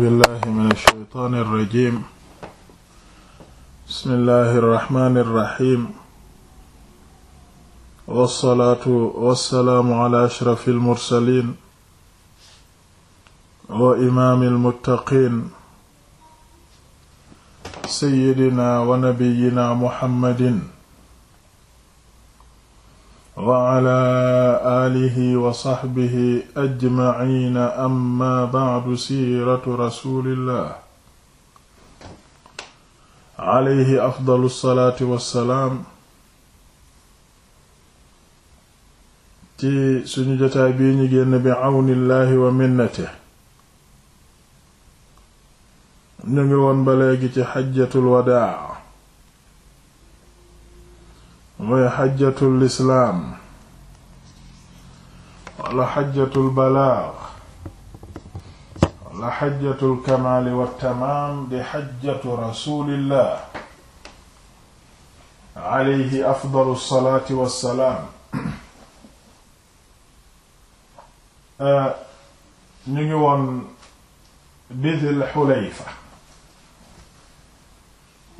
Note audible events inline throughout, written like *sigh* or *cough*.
billahi min alsheytaan alrajim bismillahi arrahmani irrahim wassalaatu wassalaamu ala ashraf almursalin wa imaami almuttaqiin seyidina wa nabiyina muhammadin wa ala aalihi wa saxbihi ajmaciina amma bacdu siiratu rasuulillah alayhi afdalu salaatu wassalaam ci suñu jotaay bii ñu génn bi cawnillahi wa minnate ñu ngi woon ba léegi ci xajjatul wadaa mooy xajjatul islaam wala xajjatul balaag wala xajjatul kamaali wa tamaam di xajjatu rasulillah alayhi afdalu salaati wa salaam ñu ngi woon bidil xulayfa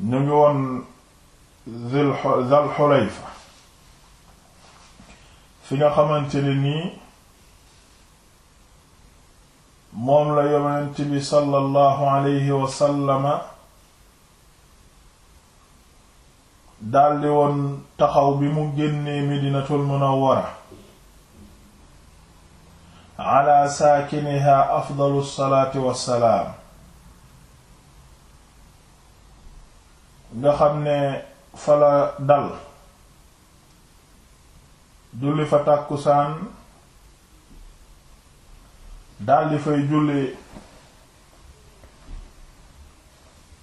ñu ngi woon Zal Xulayfa fi nga xamante nii moom la yonent bi sallallahu alayhi wa sallama daldi woon taxaw bi mu génnee Madinatul Munawwara ala saakiniha afdalu salaati wassalaam nga xam ne fa la dal julli fa tàkkusaan daldi fay julli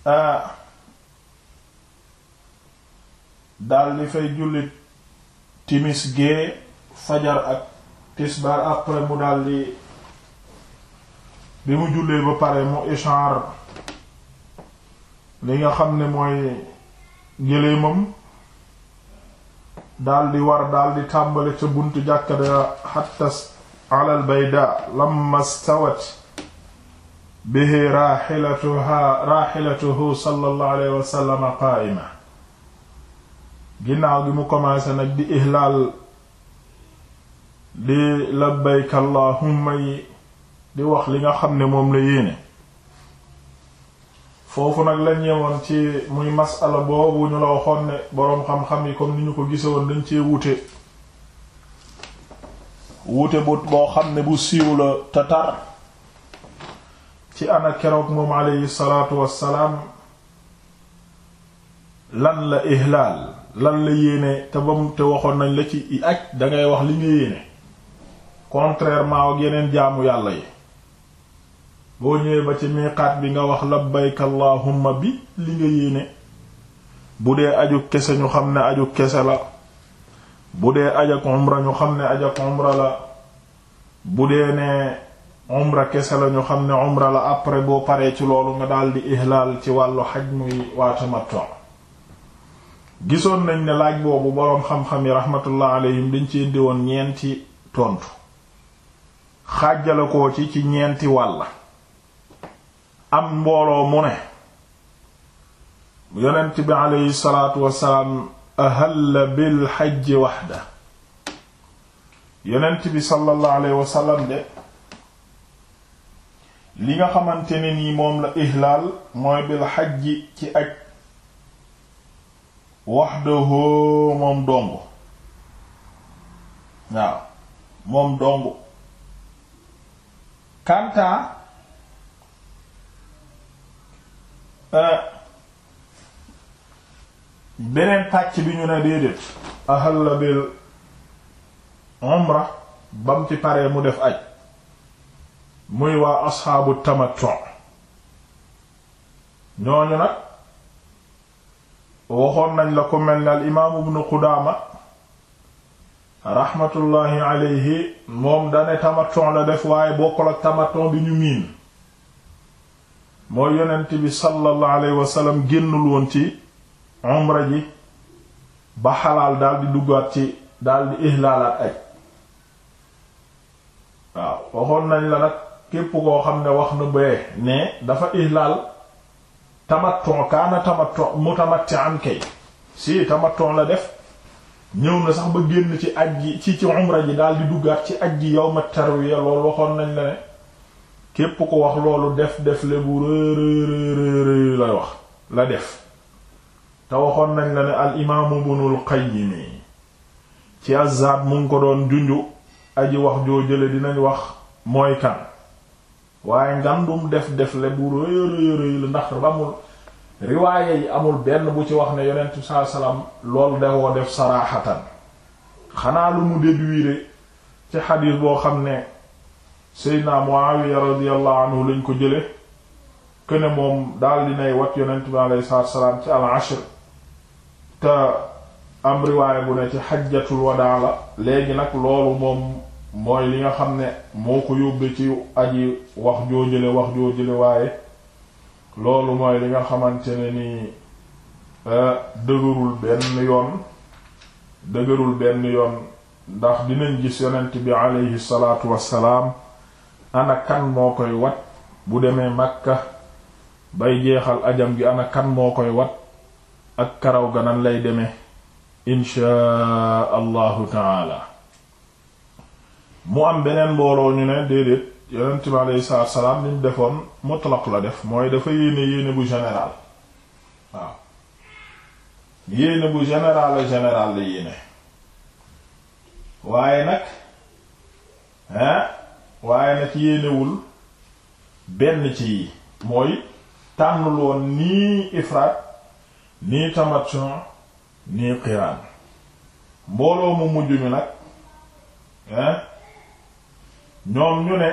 a daldi fay julli timis gee fajar ak tisbaar après mu daldi bi mu jullee ba pare mu ishaar li nga xam ne mooy géléemam daldi war daldi tàmbali ca buntu jàkka da xatta alal bayda lamma stawat bihi raaxilatuha raaxilatuhu sallallahu alayhi wa ginnaaw gi mu commencé nag di ihlaal di labbayk allahumma yi di wax li nga xam ne moom la yéene foofu nag lañ yemoon ci muy masala boobu ñu la waxoon ne boroom xam-xam yi comme ni ñu ko gisewoon dañ cee wute wuute bu boo xam ne bu siiw la tatar ci ana keroog moom aleyhi salaatu wassalaam lan la ihlaal lan la yéene te bam te waxoon nañ la ci aj dangay wax li nga yéene contrairement ak yeneen jaamu yàlla yi boo ñëwee ba ci miqaat bi nga wax labbayka allahumma bi li nga yéene bu dee aju kese ñu xam ne aju kese la bu dee ajak umra ñu xam ne ajak umra la bu dee ne umra kese la ñu xam ne umra la après boo paree ci loolu nga daldi ihlaal ci wàllu xaj muy waa tamattu gisoon nañ ne laaj boobu boroom xam-xam yi rahmatullah alayhim dañ ci indi woon ñeenti tontu xaajala ko ci ci ñeenti wàlla am mbooloo mu ne yonent bi aleyhi salaatu wasalaam ahalla bil xajji waxda yonent bi sallallahu alayhi wasallam de li nga xamante ne nii moom la ihlaal mooy bil xajji ci aj waxdahu moom dong waaw moom dong kantaa Euh, beneen pàcc bi ñu ne déedéet ahalla bil bam ci paree mu def aj muy waa asxaabu tamattu ñooñu nag waxoon nañ la ko mel ne al imaam ibnu Qudaama raxmatullaahi alayhi moom dane tamattu la def waaye bokkul ak tamattu bi ñu miin mooy yonent bi sallallahu alayhi wa sallam génnul woon ci umra ji ba xalaal daal di duggaat ci daal di ihlaalaat aj waaw waxoon nañ la nag képp koo xam ne wax na bee ne dafa ihlaal tamattu kaana tamattu mutamatti'an kay si tamattu la def ñëw na sax ba génn ci aj ji ci ci umra ji daal di duggaat ci aj ji ma tarwiya loolu waxoon nañ la ne képp ko wax loolu def def le bu rërërërëy la wax la def te waxoon nañ la ne al imaamu Ibnul Qayyim ci azab mu ngi ko doon junju aji wax joo jële dinañ wax mooy kan waaye ngandum def def le bu rërërërëy la ndax amul riwaaya yi amul benn bu ci wax ne yonent bi sallallahu alayhi wasallam loolu def saraxatan xanaa lu mu déduire ci xadiis boo xam ne seydna Muawiya radiyallahu anhu lañ ko jële këne moom daal dinay wat yonent bi alayhi salaatu salaam ci al-ashr te am bu ne ci xajjatul wadaa la léegi nag loolu moom mooy li nga xam ne moo ko yóbbee ci aji wax joo jële wax joo jële waaye loolu mooy li nga xamante ne ni eh, dëgërul benn yoon dëgërul benn yoon ndax dinañ gis yonent bi alayhi salaatu salaam ana kan moo koy wat bu demee Makka bay jeexal ajam gi ana kan moo koy wat ak karaw ga nan lay demee inchaa allahu taala mu am beneen mbooloo ñu ne déedéet yonent bi aleyhi salaatu salaam ni mu defoon mutlaq la def mooy dafa yéene yéene bu général waaw yéene bu général la général la yéene waaye nag hein waaye nag yéenewul benn ci yi mooy tànnul nii ifraat nii tamattu nii qiraan mbooloo mu mujj mi nag hein ñoom ñu ne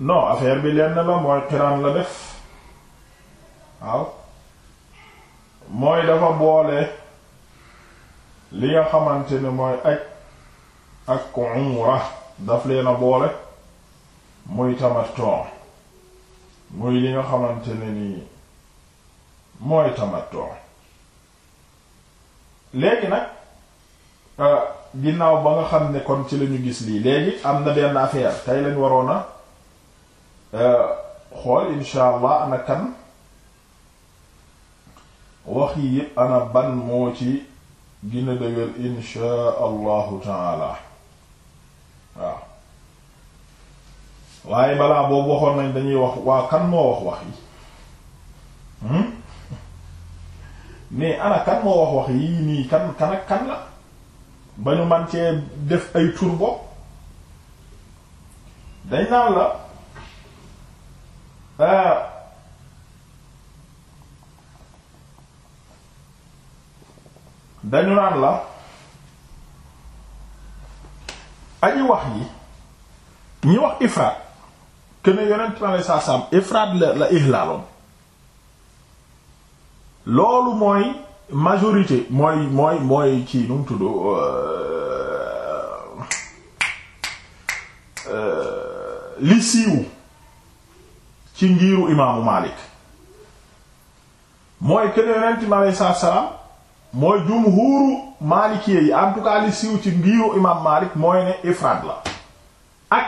non affaire bi lenn la mooy qiraan la def waaw mooy dafa boole li nga xamante ni mooy aj ak umra daf leen a boole muy tamattu muy li nga xamante ne nii mooy tamattu léegi nag euh, ginnaaw ba nga xam ne kon ci lañu gis lii léegi am na benn affaire tey lañ waroon euh, xool insha allah wax yi ana ban moo ci gina dëgër insha allahu waaw waaye balaa boobu waxoon nañ dañuy wax waa kan moo wax wax yi hmm? mais ana kan moo wax wax yii nii kan kan ak kan la ba ñu man cee def ay tur bopp dañ naan la euh, dañu naan la aji wax yi ñi wax ifraat que ne yonent mi salaam ifraat la la ihlaaloon loolu mooy majorité mooy mooy mooy kii nu mu euh, euh, li siiw ci ngiiru imaamu Maalik mooy que ne yonent mi salaam mooy jumhuuru maalikee yi en tout cas li siiw ci ngiiru imaam Maalik mooy ne ifraad la ak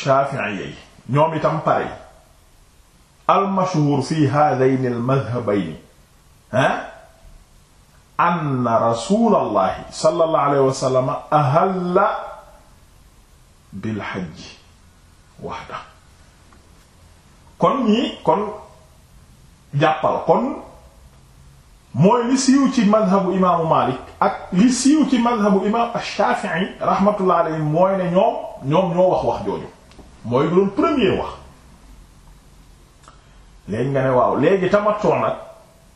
Shaafi'i yi ñoom itam fi haadayni almadhabayni ha ah, anna rasuulallahi wahda kon ñii kon jàppal kon mooy li ci mazhabu imaamu Maalik ak li siiw ci mazhabu imaam Shaafi'i rahmatullah alayhi mooy ne ñoom ñoom ñoo wax wax jooju mooy loolu premier wax léegi nga ne waaw léegi tamattu nag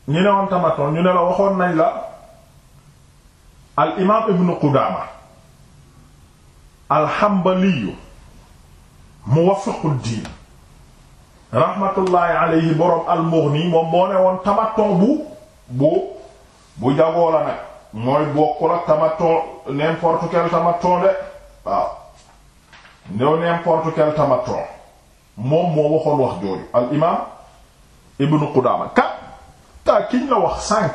ñu ne woon tamattu ñu ne la waxoon nañ la al imaam Ibn Qudaama al Hanbali muwaffiqud diin rahmatullahi borom al Mughni moom moo ne woon tamattu bu. bu bu jagoo la nag mooy bokkul ak tamaton n'importe quel tamaton de waaw new n'importe quel tamaton moom moo waxoon wax jooju al ibnu Qudaama kat kiñ la wax sànq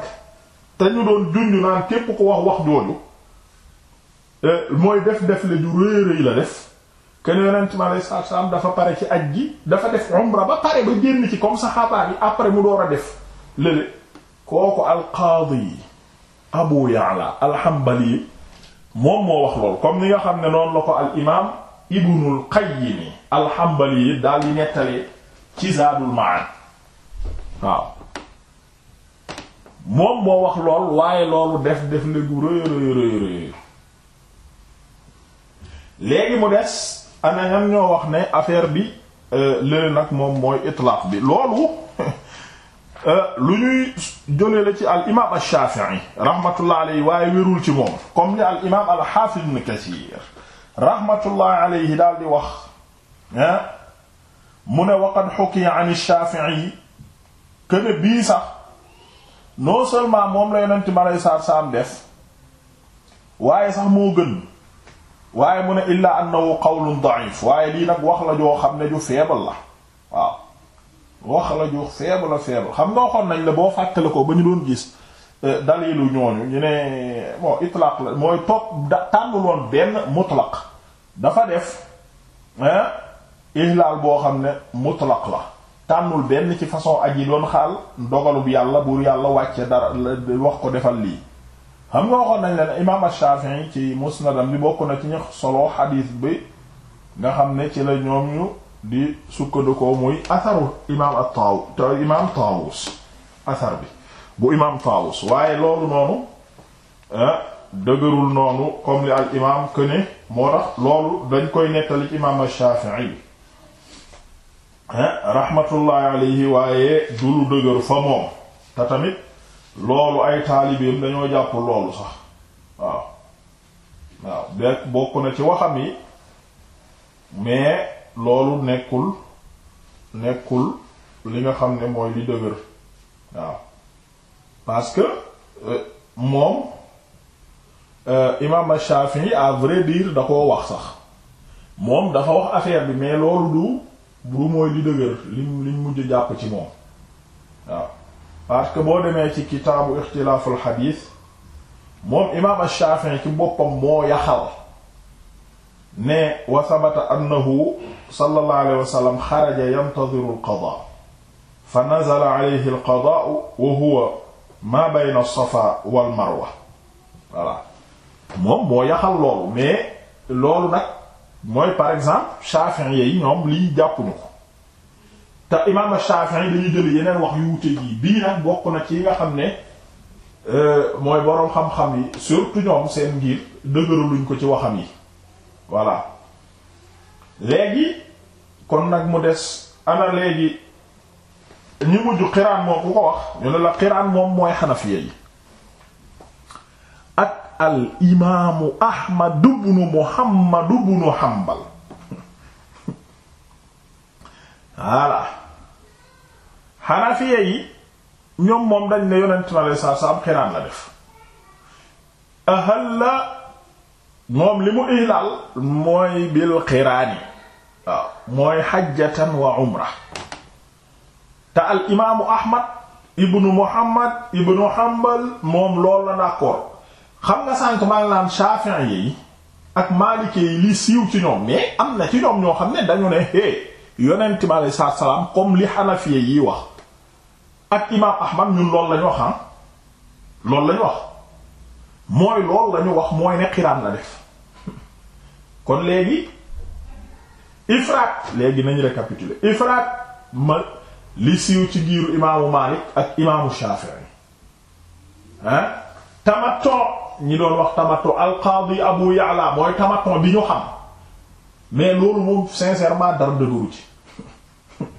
te ñu doon junj naan képp ko wax wax jooju eh, mooy def def la ju rëy rëy la def kenn yonent mi alayhi salaatu dafa pare ci aj gi dafa def umra ba pare ba génn ci comme saxaabaat yi après mu door a def lële kooku alqaadi abu ya'la alhambali moom moo wax lool comme ni nga xam ne noonu la ko al imaam ibnul qayyim alhambali yi daal di nettalee ci zaadul ma'ad waaw moom moo wax lool waaye loolu def def léegi mu des ana ñan ñoo wax ne affaire bi euh, lële nag moom mooy itlaq bi loolu Euh, lu ñuy jëlee la ci al imaam ash-Shafi'i rahmatullah alayhi waaye wérul ci moom comme ni al imaam al hafiz ibn Kathir rahmatullah alayhi daal di wax ah mu ne waqad hukiya an ash-Shafi'i ne bii sax non seulement moom la yonent ma lay saar saam def waaye sax moo gën waaye mu ne illaa annahu qawlun da'if waaye lii nag wax la joo xam ne ju feebal la waaw. wax la ju faible la faible xam nga waxoon nañ la boo fàttale ko ba ñu doon gis euh, dalilu ñooñu ñu ne bon itlaq la mooy topp da woon benn mutlaq dafa def ihlaal boo xam ne mutlaq la tànnul benn ci façon aj yi doon xaal dogalub yàlla buur yàlla wàcce dara wax ko defal lii xam nga waxoon nañ leen imaam Shafi'i ci musnadam bi bokk na ci ñu solo xadiis bi nga xam ne ci la ñoom ñu di sukkandikoo muy atharu imaam at-Taawu te imaam athar bi bu imaam Taawus waaye loolu noonu eh, dëgërul noonu comme li al imaam que moo tax loolu dañ koy nettali ci imaam Shaafi'i eh, rahmatullahi alayhi waaye du lu dëgër fa moom te tamit loolu ay taalibeem dañoo jàpp loolu sax waaw waaw bekk bokk na ci waxam yi mais. loolu nekkul nekkul li nga xam ne mooy li dëgër waaw parce que euh, moom euh, imaam Shafi'i à vrai dire da koo wax sax moom dafa wax affaire bi mais loolu du du mooy li dëgër liñ liñ mujj jàpp ci moom waaw parce que boo demee ci kitaabu ixtilaaful xadiis moom imaam Shafi'i ci boppam moo yaxal ne wa sabata annahu sallallahu alayhi wa sallam xaraja yantadiru alqadaa fa nazala alayhi alqadaau wa huwa ma bayna as-safa wal marwa voilà moom moo yaxal loolu mais loolu nag mooy par exemple Shafi'i yi ñoom lii jàppuñu ko te imaam Shafi'i dañu jël yeneen wax yu wute yi bii nag bokk na ci nga xam ne euh, mooy boroom xam-xam yi surtout ñoom seen ngir dëgëraluñ ko ci waxam yi voilà léegi kon nag mu des ana léegi ñu mujj xiraan moom ku ko wax ñu ne la xiraan moom mooy xanafiya yi ak al imaamu ahmad ibnu muhammad ibnu hanbal voilà xanafiya yi ñoom moom dañ ne yonent na lee saa saa am xiraan la def ahalla moom li mu ilaal mooy bil qiraani waaw mooy xajjatan wa umra te al imaamu ahmad ibnu muhammad ibnu hanbal moom loolu la d'accord xam nga sànk maa ngi naan Shafi'i yi ak Maliki yi li siiw ci ñoom mais am na ci ñoom ñoo xam ne dañu ne hé yonent mi alei salatua salaam comme li xanafiye yi wax ak imaam ahmad ñun loolu lañu wax ah loolu lañu wax mooy loolu lañu wax mooy ne xiraan la def kon léegi ifraat léegi nañ récapituler ifraat ma li siiw ci giiru imaamu Maalik ak imaamu Shaafi'i ah tamaton ñi doon wax tamaton al-Qaadi Abu Ya'la mooy tamaton bi ñu xam mais loolu moom sincèrement dara dëgëru ci *laughs*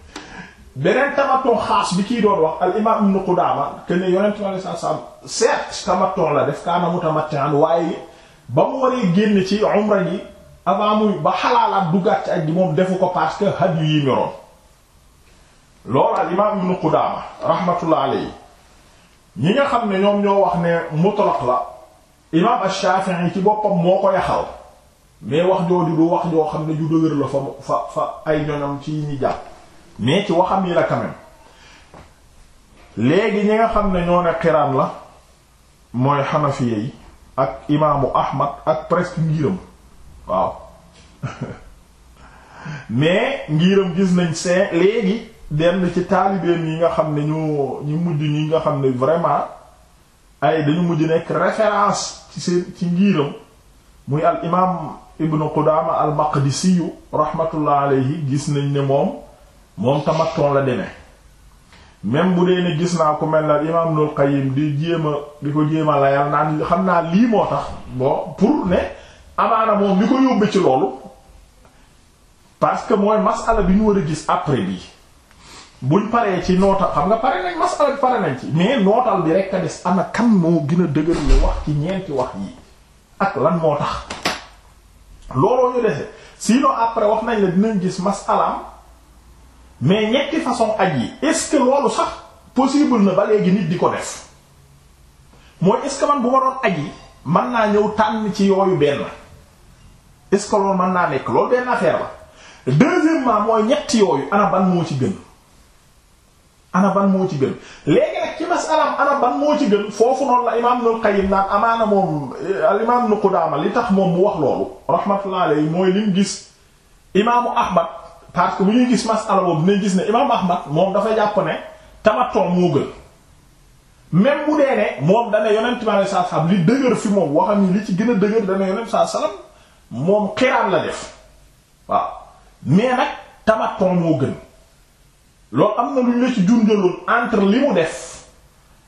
beneen tamaton xaas bi kiy doon wax al imaam Ibn Qudaama que ne Yonent bi sallallahu alayhi wa la def kaana mutamatti'an waaye ba mu waree génn ci umra avant muy ba xalaalaat duggaat ci aj moom defu ko parce que haj yi ñoroon loolu al imaam ibnu Qudaama rahmatullah alayhi ñi nga xam ne ñoom ñoo wax ne mutlaq la imaam ash-Shafi'i ci boppam moo ko yaxal mais wax jooju du wax joo xam ne ju dëgër la fa fa fa ay ñoñom ci ñi jàpp mais ci waxam yi la quand léegi ñi nga xam ne ñoo ne xiraan la mooy xanafiye yi ak imaamu Ahmad ak presque ngiram waaw mais ngiram gis nañ seen léegi dem ci taalibeen yi nga xam ne ñu ñu mujj ñi nga xam ne vraiment ay dañu mujj nekk référence ci seen ci ngiram muy al imaam ibnu Qudaama al Maqdisiyu rahmatullah alayhi gis nañ ne moom moom tamattoon la demee même bu dee ne gis naa ko mel na imaam Ibnul Qayyim di jéem a di ko jéem a naan xam naa lii moo tax bon pour ne. amaana moom ni ko yóbbee ci loolu parce que mooy masala bi ñu war a gis après bi buñ paree ci nootal xam nga pare nañ masala bi pare nañ ci mais nootal bi rek a des ana kan moo gën a dëgër la wax ci ñeenti wax yi ak lan moo tax looloo ñu dese sinon après wax nañ la dinañ gis masalaam mais ñetti façon aj yi est loolu sax possible na ba léegi nit di ko def mooy est-ce que man bu ma aj yi mën naa ñëw tànn ci yooyu benn est-ce que loolu mën naa nekk loolu benn affaire la deuxièmement mooy ñett yooyu ana ban moo ci gën ana ban moo ci gën léegi nag ci masalam ana ban moo ci gën foofu noonu la imaam Ibnul Qayyim naan amaana moom al imaam Ibnu Qudaama li tax moom mu wax loolu rahmatullahi mooy lim gis imaamu Ahmad parce que bu ñuy gis masala boobu dinañ gis ne imaamu Ahmad moom dafa jàpp ne tamattu moo gën même bu dee ne moom dana yonent bi sallallahu alayhi wasallam li ci gën a dëgër dana moom xiraan la def waaw mais nag tamaton moo gën loolu am na lu ñu ci junjaloon entre li mu def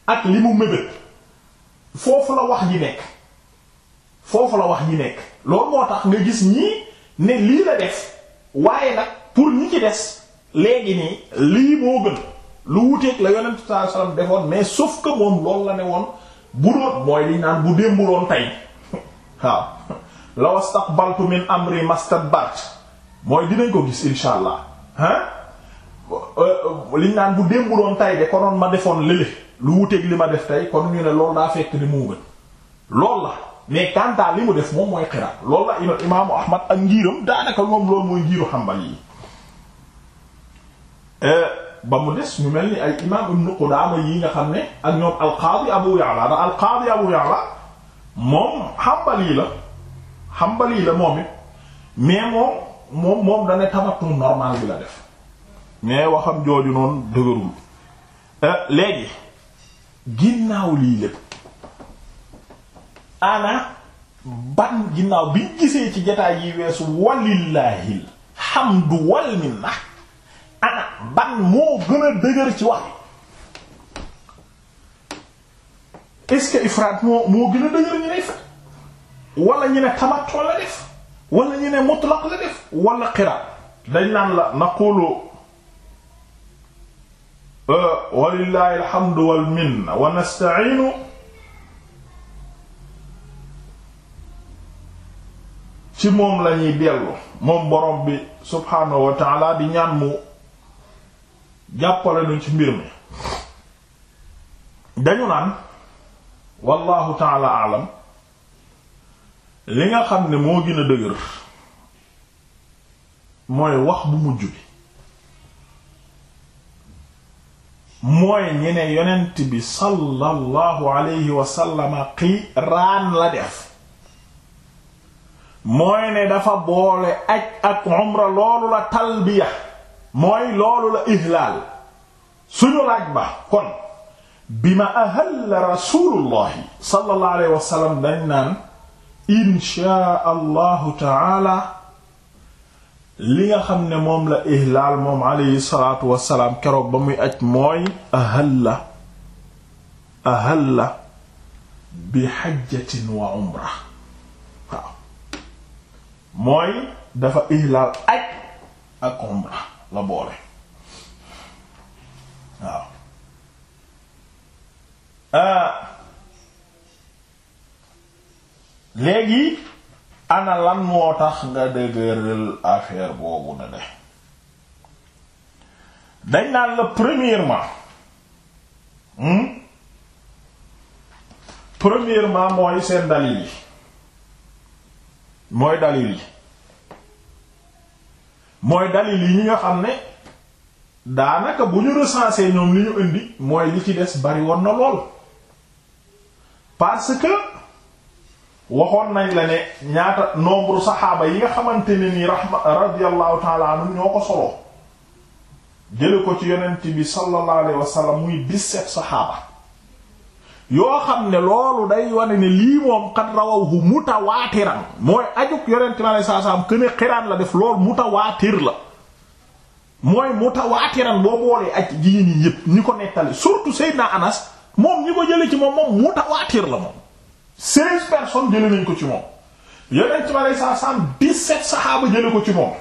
ak li mu mébét foofu la wax ji nekk foofu la wax ji nekk loolu moo tax nga gis ñii ne lii la def waaye nag pour ñu ci des léegi nii lii moo gën lu wuteeg la yonent sallallahu alayhi wasallam defoon mais sof ko moom loolu la ne woon bu doon mooy li naan bu démbuloon tey *laughs* waaw law astaqbaltu min amri mastadbart mooy dinañ ko gis insha allah ah euh, liñ naan bu démb doon tay de konoon ma defoon lële lu wuteeg li ma def tey kon ñu ne loolu daa fekk ni moo gën loolu la mais kantaa li mu def moom mooy xiraat loolu la imaamu ahmad ak ngiiram daanaka moom loolu mooy ngiiru xambal yi euh, ba mu des ñu mel ni ay imaam ibnu Qudaama yi nga xam ne ak ñoom alqaadi abu Ya'la da abu Ya'la moom xambal yi la Hanbali la moom it mais moom moom moom dane tamattu normal bi la def mais waxam jooju noonu dëgërul euh, léegi ginnaaw lii lépp ana ban ginnaaw biñ gisee ci jataay yi weesu walillahil hamdu wal minna ana ban moo gën a dëgër ci wax est-ce que ifraat moo moo gën a dëgër ñu ne ifraat wala ñu ne la def wala ñu mutlaq la def wala xiraat dañ naan la naqulu euh, walillahi alhamdu wal wa nasta'inu ci moom la ñuy moom borom bi subhaanahu wa taala di ñaan mu jàppale nu ci mbir mi dañu naan wallahu taala alam li nga xam ne moo gën a dëgër mooy wax bu mujj bi mooy ñi ne yonent bi sallallahu alayhi wa sallama qiraan la def mooy ne dafa boole aj ak umra loolu la talbiya mooy loolu la ihlaal suñu laaj ba kon bi ma ahalla rasulullahi sallallahu alayhi wa dañ naan inshaa allahu taala li nga xam ne moom la ihlaal moom aleyhi salaatu wasalaam keroog ba muy aj mooy ahalla ahalla bi xajjatin wa umra mooy dafa ihlaal aj ak umra la boole waaw ah. léegi ana moo tax nga dëgëral affaire boobu na de dañ naan la premièrement hmm premièrement mooy seen dalil yi mooy dalil yi mooy dalil yi ñi nga xam ne daanaka bu ñu recenser ñoom li ñu indi mooy li ci des bariwoon na lool parce que waxoon nañ la ne ñaata nombre saxaaba yi nga xamante ni nii rahma radiyallahu taala anhum ñoo ko soloo jële ko ci yonent bi sallallahu alayhi wa sallam muy dix-sept saxaaba yoo xam ne loolu day wane ne lii moom xat rawahu mutawaatiran mooy ajuk yonent bi alayhi salaam këne xiraan la def loolu mutawaatir la mooy mutawaatiran boo boolee ak jigéen ñi yépp ñi ko nettali surtout Seydina Anas moom ñi ko jële ci moom moom mutawaatir la moom seize personnes jële nañ ko ci moom yeneen ci wàllu saa saam dix-sept saxaaba jële ko ci moom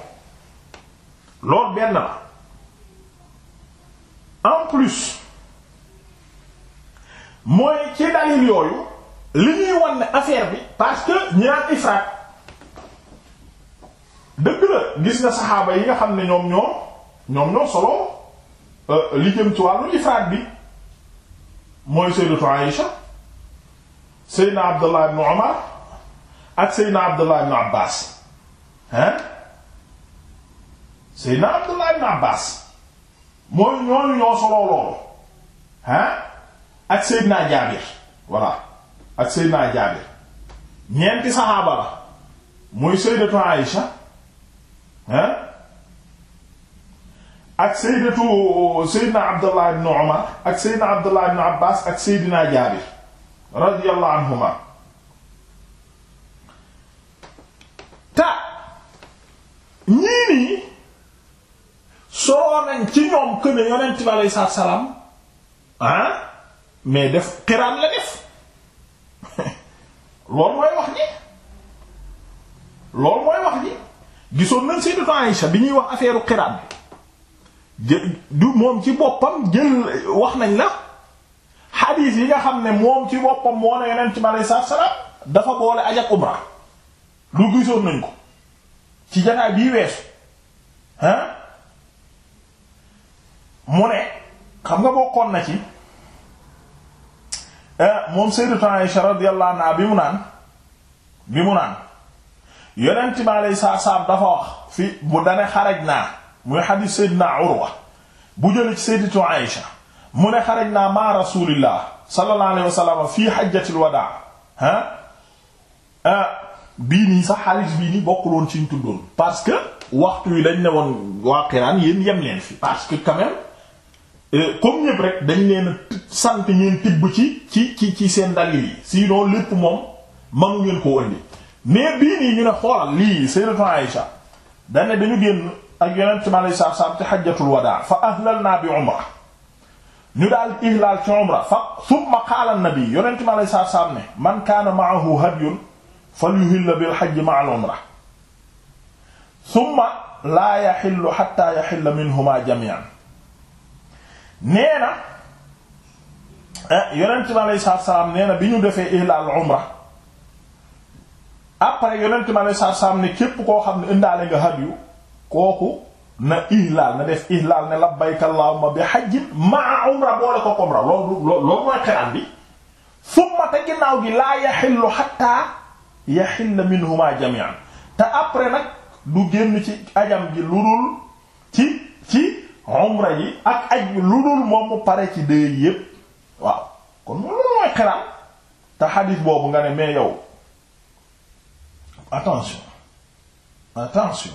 loolu benn la en plus mooy ci dalil yooyu li ñuy wan ne affaire bi parce que ñaar ifraat dëgg la gis nga saxaaba yi nga xam ne ñoom ñoom ñoom ñoo solo euh, li jëm ci wàllu ifraat bi mooy Sayyidatu Aïsha seydna abdullah ibn omar ak seydna abdullah ibn abbas hein seydna abdullah ibn abbas mooy ñooñu ñoo soloo loolu hein ak seydna jaabir voilà ak seydna jaabir ñeenti saxaaba la muy sayyidatu aïsha hein ak sayyidatu seydna abdullah ibn omar ak seydna abdullah ibn abbas ak seydna jaabir radiyallahu anhuma ta ñii nii soloo ci ñoom que ne yonent bi aleyhi salaatu salaam ah mais def xiraan la def *laughs* loolu mooy wax ji loolu mooy wax ji gisoon nañ Sayyidatu Aïsha bi ñuy wax affaire xiraan bi du moom ci boppam jël wax nañ la xadiis yi nga xam ne moom ci boppam moo ne yonent bi aleyhi salaatu salaam dafa boole aj ak umra lu gisoon nañ ko ci janaay bii weesu hein mu ne xam nga bokkoon na ci eh, moom sayyidatu Aisha radiyallahu anha bi mu naan bi mu naan yonent bi aleyhi salaatu dafa wax fi bu dane xaraj naa muy xadiis sayyidina Urwa bu ci sayyidatu mu ne xaraj naa ma rasulillah sallallahu alayhi wa sallam fii hajjatil wadaa ah ah bii nii sax xaalis bii nii bokkul woon ci ñu parce que waxtu yi dañ ne woon waa Qiraan yéen yem leen fi parce que quand même euh, comme ñëpp rek dañ leen sant ñeen tibb ci ci ci ci seen dalil yi sinon lépp moom ma ngeen ko indi mais bii nii ñu ne xoolal lii Sayyidatu Aïsha dañ ne dañu génn ak Yonent bi sallallahu alayhi wa sallam ci hajjatul wadaa fa ahlalna bi umrah ñu daal ihlaal ci umra fa summa qaala nabi yonent mi alayhi salaatu salaam ne man kaana ma'ahu hadyun falyuhilla bil hajji ma'al umra summa laa yaxillu hatta yaxilla minhumaa jamii'an nee na eh, yonent mi alayhi salaatu salaam nee na bi ñu defee ihlaal umra après yonent mi alayhi salaatu salaam ne képp koo xam ne indaale nga hadyu kooku na ihlaal na def ihlaal ne labbayka allahumma bi hajjin ma'a umra boole ko umra loolu loolu mooy xiraan bi summa te ginnaaw gi laa yaxillu hatta yaxilla minhuma jami'an te après nag du génn ci ajam gi lu dul ci ci umra ji ak aj lu dul moom mu pare ci dëy yépp waaw kon loolu mooy xiraan te xadiis boobu nga ne mais yow attention attention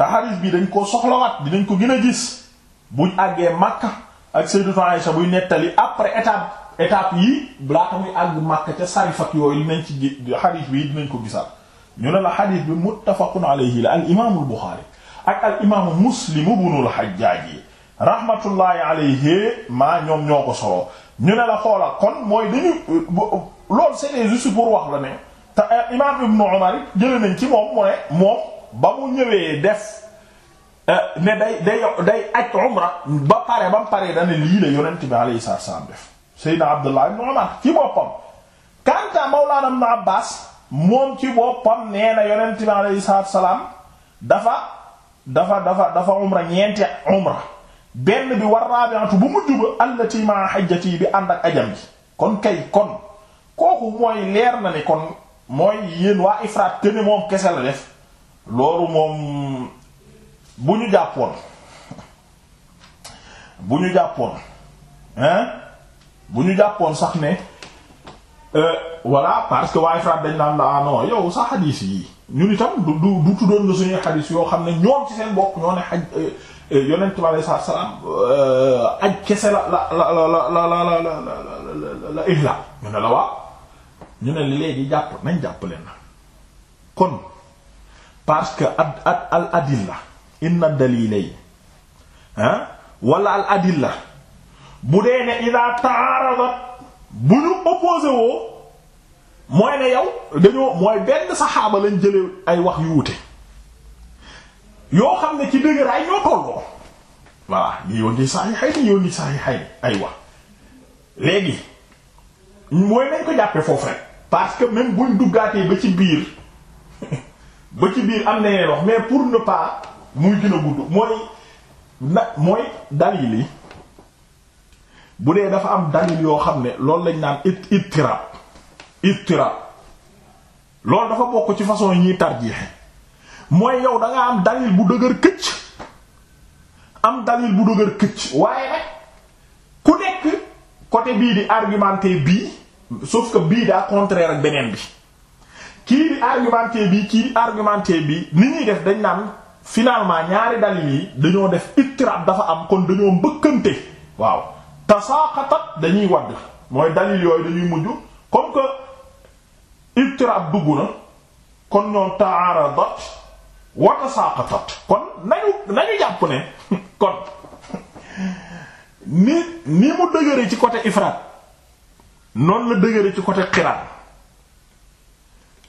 te xadis bi dañ koo soxlawaat dinañ ko gën a gis buñ àggee Makka ak Sayyidatu sa buy nettali après étape étape yi laata muy àgg Makka ca sarifak yooyu dinañ ci xadis bi dinañ ko gisaat ñu ne la xadis bi muttafaqun alayhi la al imaamu al Buxaari ak al imaamu Muslim ibnul Hajjaaji rahmatullahi alayhi maa ñoom ñoo ko solo ñu ne la xoola kon mooy dañu loolu c'est juste pour wax la ne te euh, imaam Ibnu Umar jëlee nañ ci moom mu moom. ba mu ñëwee def euh, ne day day day aj umra ba pare ba mu paree dane lii la yonent bi alayhi salaam def Seydina Abdullah ibn Umar ci boppam kanta Mawlana ibn Abbas salaam dafa dafa dafa dafa umra ñeenti umra benn bi war rabi'atu bu mujj ba allati a hajjati bi ànd ak ajam bi kon kay kon kooku mooy leer na ni kon mooy yéen waa ifraat te ne moom kese la def loolu moom bu ñu jàppoon bu ñu jàppoon hein bu ñu jàppoon sax ne voilà parce que waaye Fra dañ naan la ah yow sa xadiis yi ñun itam du du du tuddoon nga suñuy xadiis yoo xam ne ñoom ci seen bokk ñoo ne xaj yonent bi salaam aj kese la la la la la la la ñu ne la waaw ñu ne léegi jàpp nañ jàpp leen kon. parce que ad ad al adilla inna dalilay ah wala al adilla bu dee ne ida taaradat bu ñu opposé mooy ne yow dañoo mooy benn saxaaba lañ jëlee ay wax yu wute yoo xam ne ci dëgëraay ñoo tolloo voilà ñii yoon di saxiixay ni yoon di saxiixay ay wax léegi mooy nañ ko jàppe foofu rek parce que même buñ duggaatee ba ci biir *laughs* ba ci biir am na yeneen wax mais pour ne pas muy gën a mooy na mooy dalil yi bu dee dafa am dalil yoo xam ne loolu lañ naan it ittirab ittirab loolu dafa bokk ci façon yi ñuy tarjiixe mooy yow da am dalil bu dëgër këcc am dalil bu dëgër këcc waaye nag ku nekk côté bii di argumenter bii sauf que bii daa contraire ak beneen bi kii di argumenté bi kii di bi ni ñuy def dañ naan finalement ñaari dalil yi dañoo def ittirab dafa am kon dañoo mbëkkante waaw tasaaqatat dañuy wadd mooy dalil yooyu dañuy mujj comme que ittirab dugg na kon ñoom taaradat wa tasaaqatat kon nañu nañu jàpp ne *laughs* kon ni ni mu dëgëre ci côté ifrad noonu la dëgëre ci côté xiraan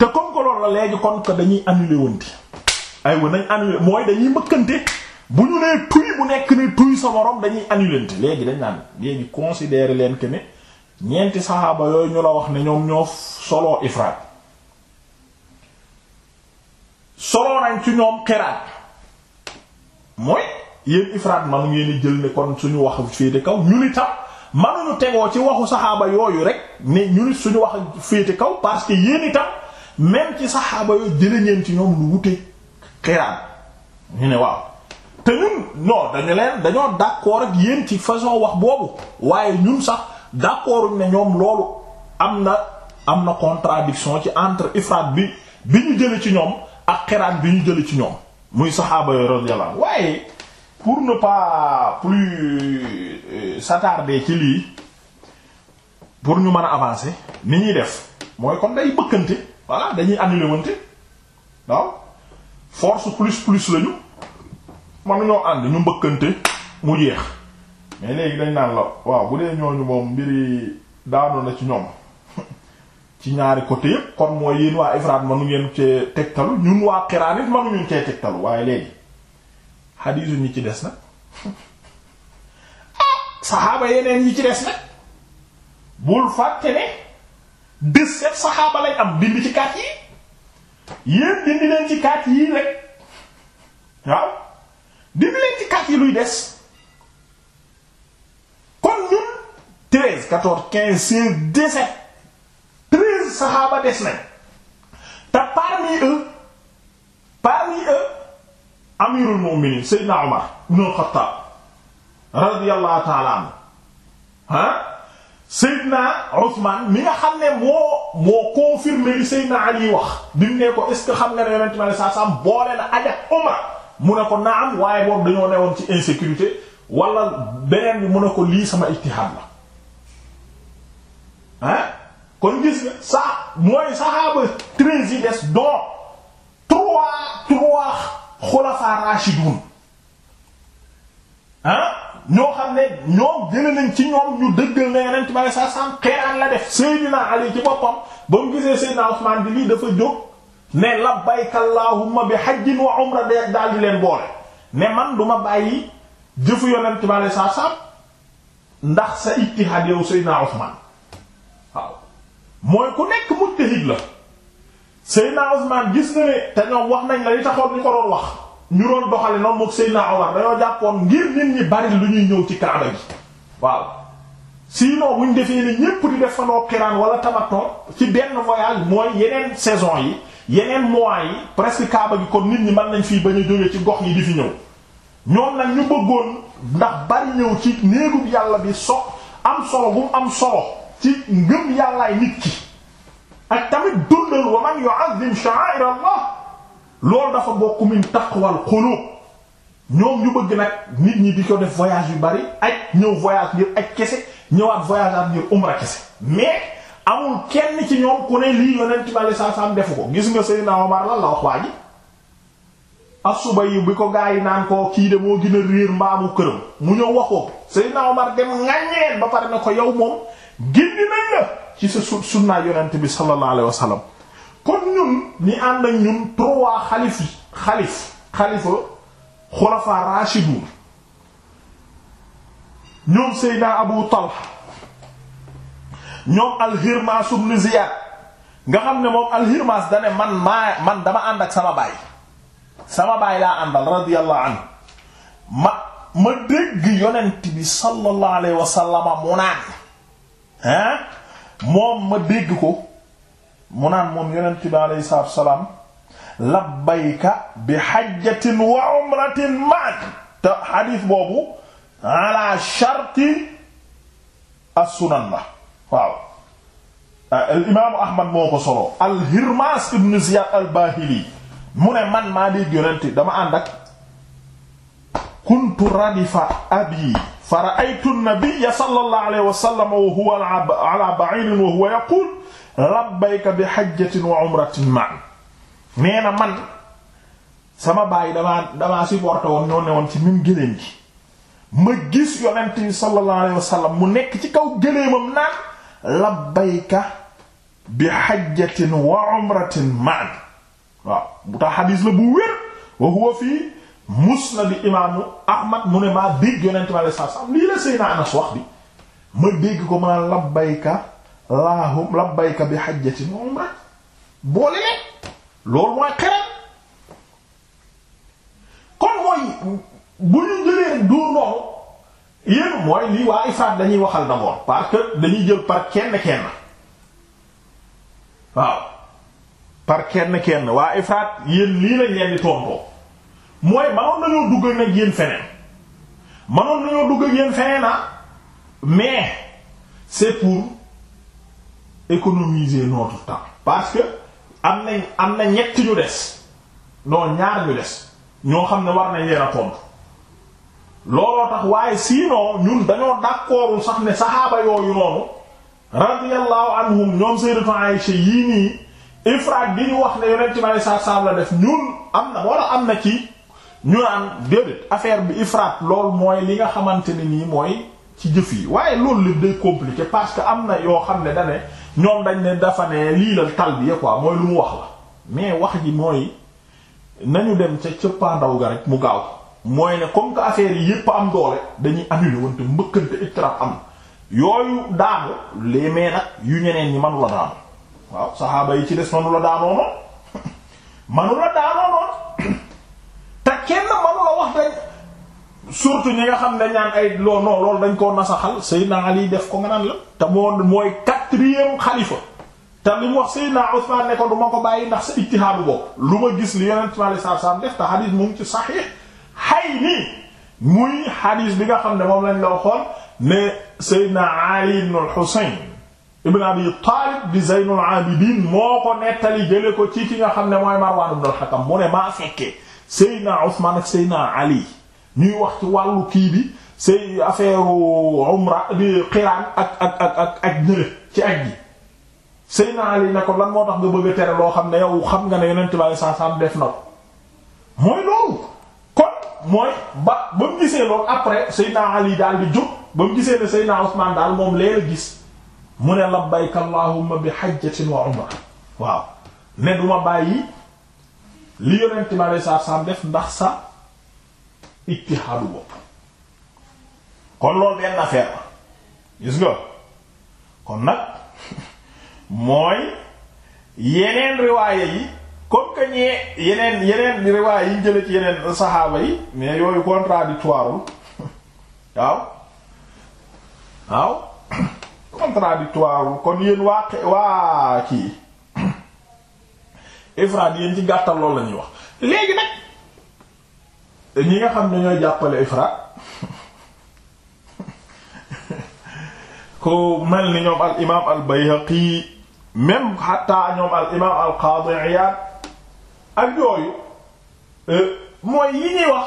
te comme la léegi kon que dañuy annulé wante ay wa nañ annulé mooy dañuy mbëkkante bu ñu nee tuy bu nekk ne tuy sa morom dañuy annulante léegi dañ naan léegi considérer leen que ne ñeenti saxaaba yooyu ñu la wax ne ñoom ñoo soloo ifraat soloo nañ ci ñoom xeraat mooy yéen ifraat manu ngeen jël ne kon suñu wax féete kaw ñu ni tam manuñu tegoo ci waxu saxaaba yooyu rek ne ñu ni suñu wax féete kaw parce que yéen itam même ci saxaaba yooyu jëlee ñeen ci ñoom lu wute xiraan ñu ne waaw te ñun non dañu leen dañoo d'accord ak yéen ci façon wax boobu waaye ñun sax d'accorduñ na ñoom loolu am na am na contradiction ci entre ifraat bi bi ñu jëlee ci ñoom ak xiraan bi ñu jëlee ci ñoom muy saxaaba yooyu radiyallahu waaye pour ne pas plus euh, s'attarder ci lii pour ñu mën a avancer ni ñuy def mooy kon day bëkkante. voilà dañuy annulé wante waaw force plus plus lañu mënuñoo ànd ñu mbëkkante mu jeex mais léegi dañ naan la waaw bu dee ñooñu moom mbiri daanu na ci ñoom *laughs* ci ñaari côté yëpp kon mooy yéen waa Ifrad manu ngeen cee tegtalu ñun waa Qiraan it manu ngeen cee tegtalu waaye léegi xadiisu ñi ci des nag *laughs* ah, saxaaba yeneen ñi ci des nag bul fàtte ne bés seet saxaaba lañ am dindi ci kaat yi yéen dindi leen ci kaat yii rek waaw dindi leen ci kaat yi luy des kon ñun treize quatorze quinze seize dix-sept treize saxaaba des nañ te parmi eux parmi eux amirul mu'minin Seydina Omar ibn Khattab radiyallahu ta'ala anhu Seydina Ousmane mi nga xam ne moo moo confirmé li Seydina Ali wax bi mu ne ko est xam ne yonent mi alayhi boole na aj ak mu ne ko naam waaye boobu dañoo newoon ci insécurité walla beneen bi mu ne ko lii sama ijtihaad la ah kon gis mooy saxaaba treize yi des donc trois trois xulafaa raashidun ah ñoo xam ne ñoom jëlee nañ ci ñoom ñu dëggal ne yonent ba sa sam xeeraan la def Seydina Ali ci boppam ba mu gisee Seydina Usmaan bi lii dafa jóg ne labbayka allahumma bi hajjin wa umra daal di leen boole ne man duma bàyyi jëfu yonent ba sa sam ndax sa ijtihaad yow Seydina Usmaan waaw mooy ku nekk mujtahid la Seydina Usmaan gis na ne te ñoom wax nañ la li taxoon ni ko doon wax ñu doon doxale noonu mook a Omar dañoo jàppoon ngir nit ñi bari lu ñuy ñëw ci Kaaba gi waaw sinon buñ defee ni ñépp di def fanoo xiraan wala tamatoo ci benn voyage mooy yeneen saison yi yeneen mois yi presque Kaaba gi kon nit ñi mën nañ fii ba a jógee ci gox yi di fi ñëw ñoom nag ñu bëggoon ndax bari ñëw ci néegub yàlla bi so am solo bu mu am solo ci ngëm yàllaay nit ki ak tamit dundal wa man yu'azzim sha'a'ir Allah loolu dafa bokk min taqwal xuluub ñoom ñu bëgg nag nit ñi di ko def voyage yu bari ak ñëw voyage ngir ak kese ñëwaat voyage am ngir umra kese mais amul kenn ci ñoom ku ne lii yonent bi sallallahu defu ko gis nga Seydina Omar lan la wax waa ji ko gaa naan ko kii de moo gën mbaamu këram mu ñëw waxoo Seydina Omar dem ŋaññeen ba pare na ko yow moom gindi nañ la ci sa sunna yonent bi sallallahu alayhi kon ñun ñi ànd ak ñun trois xalif xalif xalifa xulafa rashidun ñoom Seydina Abu Talha ñoom al-Hirmas ibn nga xam ne moom al-Hirmas man maa man dama ànd ak sama baay sama baay laa àndal radiyallahu anhu ma ma dégg yonent bi sallallahu alayhi wa sallam mu moom ma dégg ko. mu naan moom yonent bi aleyhi salaatu wasalaam labbayka bi hajjatin wa umratin ma'ak te hadith boobu ala sharti as-sunan la waaw al imaamu ahmad moo ko solo al hirmas ibn ziyad al bahili mu ne man maa dégg yonent dama ànd ak kuntu radifa abi fa ra'aytu an-nabiyya sallallahu alayhi wa sallam wa huwa ala ba'irin wa huwa yaqul labbayka bi hajjatin wa umratin maan nee na man sama baay damaa damaa supporté woon ñoo ne woon ci mim géléem gi ma gis yonent bi sallallahu alayhi mu nekk ci kaw géléemam naan labbayka bi hajjatin wa umratin maan waaw bu tax xadiis la bu wér wa fii musnad imaamu ahmad mu ne maa dégg yonent bi sallallahu alayhi lii la Seydina Anas wax bi ma dégg ko ma labbayka la labbayka bi hajjatin wa umra boole leen loolu mooy xeral kon mooy bu ñu jëlee duur ndoxu yéen mooy lii waa ifraat dañuy waxal d'abord parce que dañuy jël par kenn kenn waaw par kenn kenn waa ifraat yéen lii lañ leen tontoo mooy manoon nañoo dugg nag yéen feneen manoon nañoo dugg ak yéen feneen ah c'est pour économiser notre temps parce que am na ñett ñu des non ñaar ñu des ñoo xam ne war na leen a tontu looloo tax waaye sinon ñun dañoo d'accordul sax ne saxaaba yooyu noonu radiyallahu anhum ñoom sayyidatu Aisha yii nii ifraat bi ñu wax ne yonent bi alayhi salaam la def ñun am na wala am na ci ñu naan déedéet bi ifraat lool mooy li nga xamante ne nii mooy ci jëf yi waaye loolu lépp day compliqué parce que am na yoo xam ne da ñoom dañ ne dafa ne lii la talbiya quoi mooy lu mu wax la mais wax ji mooy nañu dem ca cëppaandaw ga rek mu gaaw mooy ne comme que affaire yi yépp am doole dañuy annulé wante mbëkkante ittiraf am yooyu daanu les nag yu ñeneen ñi manu daanu waaw saxaaba yi ci des manu daanoo noonu *coughs* manu daanoo noonu *coughs* te kenn manu wax dañ surtout ñi nga xam ne ñaan ay loo non loolu dañ koo nasaxal Seydina Ali def ko nga naan la te moo mooy quatrième xalifa te li mu wax Seydina Usmaan ne ko du ma ko bàyyi ndax sa ijtihaadu bopp lu ma gis li yonent mi alayhi salaatu salaam def te xadiis mu ngi ci saxiix xay nii muy xadiis bi nga xam ne moom lañ la waxoon ne Seydina Ali ibn al-Husayn ibn Abi Taalib di Zaynul Aabidiin moo ko nettali jële ko ci ki nga xam ne mooy Marwaan ibn al-Hakam mu ne maa fekkee Seydina Usmaan ak Seydina Ali ñuy wax ci wàllu kii bi say affaire umra di xiraan ak ak ak ak ak ñële ci aj ji Seydina Ali ne ko lan moo tax nga bëgg a tere loo xam ne yow xam nga ne yonent bi saa def na ko après Seydina gisee ne daal moom leela gis mu ne labbayka allahumma bi hajjatin wa umra waaw ne duma bàyyi li yonent bi saa def ndax sa ittihaadu bopp kon lool benn affaire gis nga kon nag mooy yeneen riwaaya yi comme que ñee yeneen yeneen riwaaya yi jële yeneen saxaaba yi mais yooyu contradictoire waaw waaw contradictoire kon yéen waa waa kii ifraad yéen ci gàttal loolu la ñuy wax léegi nag ñi nga xam ne ñooy jàppale ifraad ku mel ni ñoom al imaam al Bayhaqi même ñoom al imaam al ak yooyu euh, mooy yi ñuy wax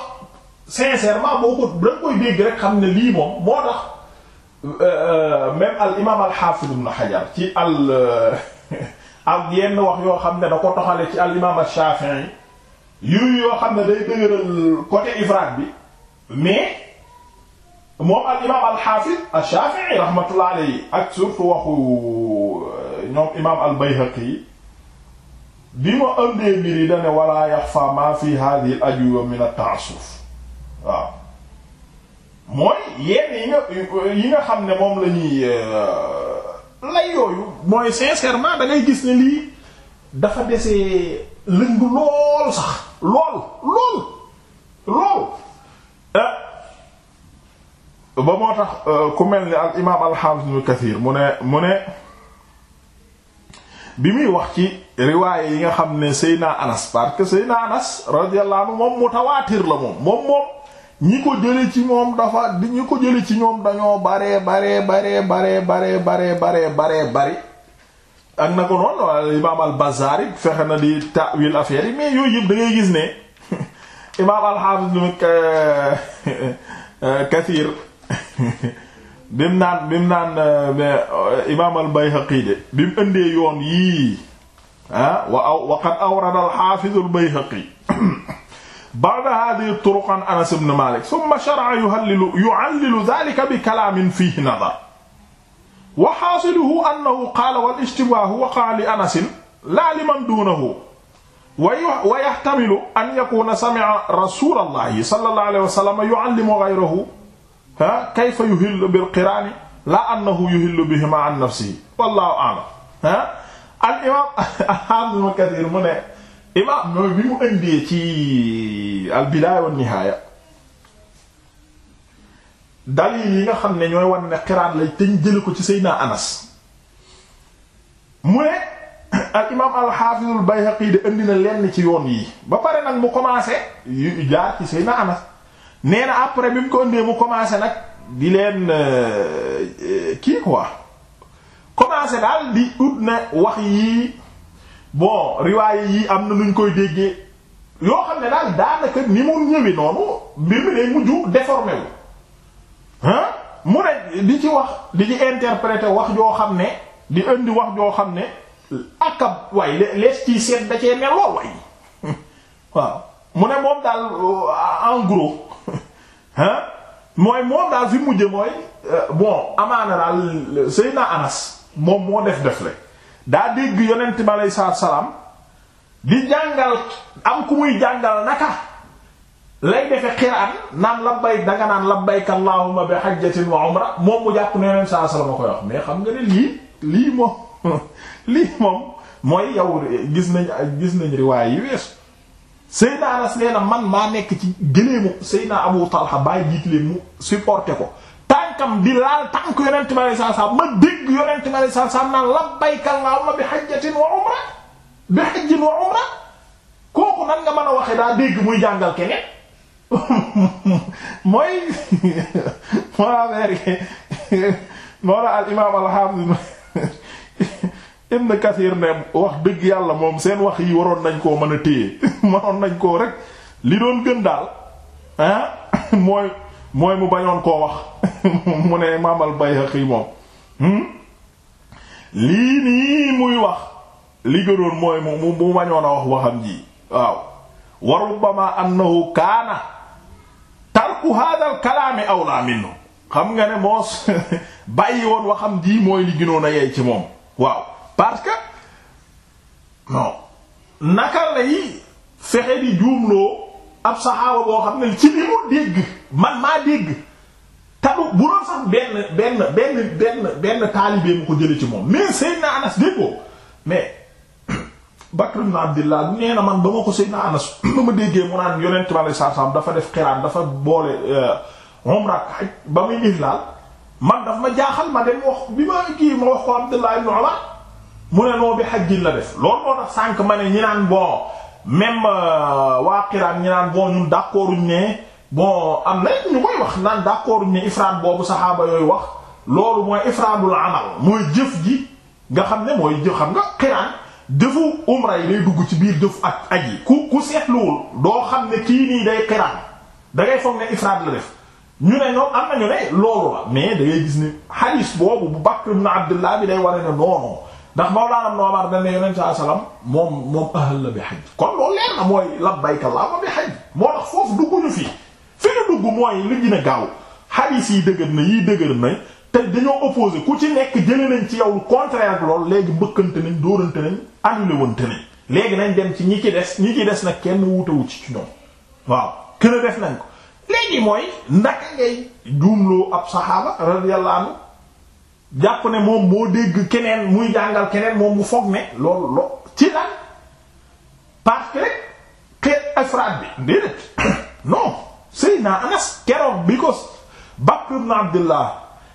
sincèrement boo ko da nga koy dégg rek xam ne lii moom moo tax euh, euh, même al imaam al Haafiz ci al *laughs* ak yenn wax yoo xam ne da ko toxale ci al imaam al Shaafi'i yu yoo xam ne day dëgëral côté ifraat bi mais. moom al imaam al xaafid ash-Shaafi'i rahmatullah alayhi ak surtout waxu euh, ñoom imaam al Bayhaqi bi ma ëndee mbir yi dane wala yaxfa fi hadhihi al min at-ta'assuf waaw mooy yenn yi nga yi nga xam ne moom la ñuy euh, lay yooyu mooy sincèrement da ngay gis ne lii dafa desee lëndu lool sax lool lool lool euh, ba moo tax euh, ku mel ni al imaam al-Hafiz Ibn Kathir mu ne mu ne bi muy wax ci riwaaye yi nga xam ne Seyna Anas parce que Seyna Anas radiyallahu anhu moom mutawaatir la moom moom moom ñi ko jële ci moom dafa ñi ko jële ci ñoom dañoo baree baree baree baree baree baree baree baree bari ak na ko noonu wala imaam al-Bazzaari fexe na di ta'wil affaire yi mais yooyu yëpp da ngay gis ne *laughs* imaam al-Hafiz Ibn euh, *laughs* euh, Kathir *laughs* bi mu naan bi mu naan euh, euh, imaam al-Bayhaqi de bi mu indee yoon yii ah wa aw wa qad awrada al-Haafiz al-Bayhaqi *coughs* ba'da haadhihi turuq an Anas ibn Maalik thumma shara'a yuhallilu yu'allilu dhaalika bi kalaamin fiihi nadar wa haasiluhu annahu qaala wal-ishtibaah waqa'a li Anas laa liman duunahu wa yahtamilu an yakuuna sami'a rasuulallahi sallallahu alayhi wa sallam yu'allimu ghayrahu ah kayfa yuhillu bil qiraani laa annahu yuhillu bihima an nafsihi wallahu a'lam ah al imaam *laughs* al-Haafiz Ibn mu ne imaam mooy bi mu indee ci al bidaaya wan nihaaya dalil yi nga xam ne ñooy wan ne qiraan lay te ñu ko ci Seydina Anas mu ne *coughs* al imaam al Haafiz al Bayhaqi de indi na lenn ci yoon yi ba pare nag mu commencé yu jaar ci Seydina Anas nee na après bi mu ko indee mu commencé nag di leen euh, euh, kii quoi commencé daal di ut na wax yii bon riwaaye yii am na nuñ koy déggee yoo xam ne daal daanaka ni mu ñëwi noonu mbir mi day mujj déformé wu ah mu ne di ci wax di ci interpréter wax joo xam ne di indi wax joo xam ne akab waay lees ci seet da cee ne lool *laughs* waaw mu ne moom daal euh, en gros ah mooy moom daal fi mujje mooy euh, bon amaana daal Seydina Anas moom moo def def le daa dégg yonent bi aleyhi salaatu salaam di jàngal am ku muy jàngal naka lay defe xiraan naan labbay danga naan labbayka allahumma bi hajjatin wa umra moom mu jàpp ne yonent salaam a koy wax mais xam nga ne lii lii moom *laughs* lii moom mooy yow gis nañ gis nañ riwaay yi weesu Seydina Anas nee man maa nekk ci gëleemu Seydina Abu Talha bàyyi jiit leen mu supporté ko tànkam di laal tànk yonent bi alayhi salaam ma dégg yonent bi alayhi salaam naan labbayka allahumma bi hajjatin wa umra bi hajjin wa umra kooku nan nga mën a waxee daa dégg muy jàngal keneen *laughs* mooy *laughs* moo la *laughs* al imaam al-Hafiz Ibn Kathir ne wax dëgg yàlla moom seen wax yi waroon nañ koo mën a téye mënoon *laughs* nañ koo rek li doon gën daal ah *laughs* mooy mu bañoon koo wax *laughs* mu ne Imaam al-Bayhaqi moom hmm, lii nii muy wax li gënoon mooy mu mu bañoon a wax waxam ji waaw wa rubbama annahu kaana tarku hadha al-kalaami awlaa minhu xam nga ne moos bàyyi woon waxam ji mooy li gënoon a yey ci moom waaw parce que non naka lay fexe di juumloo ab saxaaba boo xam ne ci li mu dégg man maa dégg tabu bu doon sax benn benn benn benn benn taalibee mu ko jële ci moom mais Seydina Anas déggoo mais *clears throat* Bakr ibn Abdillah nee na man ba ma ko Seydina Anas *clears throat* ba ma déggee mu naan dafa def xiraan dafa boole euh, umra ak hajj ba muy ihlal man daf ma jaaxal ma dem wax bi ma kii ma wax ko Abdullah ibn Umar mu ne noo bi xajjin la def loolu moo tax sànq ma ne ñi naan boo même euh, waa xiraan ñi naan bon ñun d'accorduñ ne bon am na ñu koy wax naan d'accorduñ ne ifraad boobu saxaaba yooyu wax loolu mooy ifraadul amal mooy jëf ji nga xam ne mooy jëf xam nga xiraan jëfu umra yi day dugg ci biir jëf ak aj yi ku ku seetluwul doo xam ne kii nii day xiraan dangay foog ne ifraad la def ñu ne ñoom am na ñu ne loolu la mais dangay gis ni hadis boobu bu Bakr ibn Abdullah bi day ware ndax Mawlaana Noamar dañ ne yonent saa salaam moom moom ahal la bi hajj kon loolu leer na mooy labbayka Allaahumma bi hajj moo tax foofu dugguñu fii fi ñu dugg mooy li gaaw hadiis yi dëgër na yii dëgër na te dañoo opposé ku ci nekk jëlee nañ ci yow contraire lool léegi mbëkkante nañ dóorante nañ annulé wante nañ léegi nañ dem ci ñi ci des ñi ci des nag kenn wutewu ci ci ñoom waaw kër a def nañ ko léegi mooy naka ngay juumloo ab saxaaba radiyallahu anhu jàpp ne moom moo dégg keneen muy jàngal keneen moom mu foog ne loolu lo ci lan parce que xeet afraad bi déedéet *coughs* non Seydina Anas keroog bi ko Bakr ibn Abdullah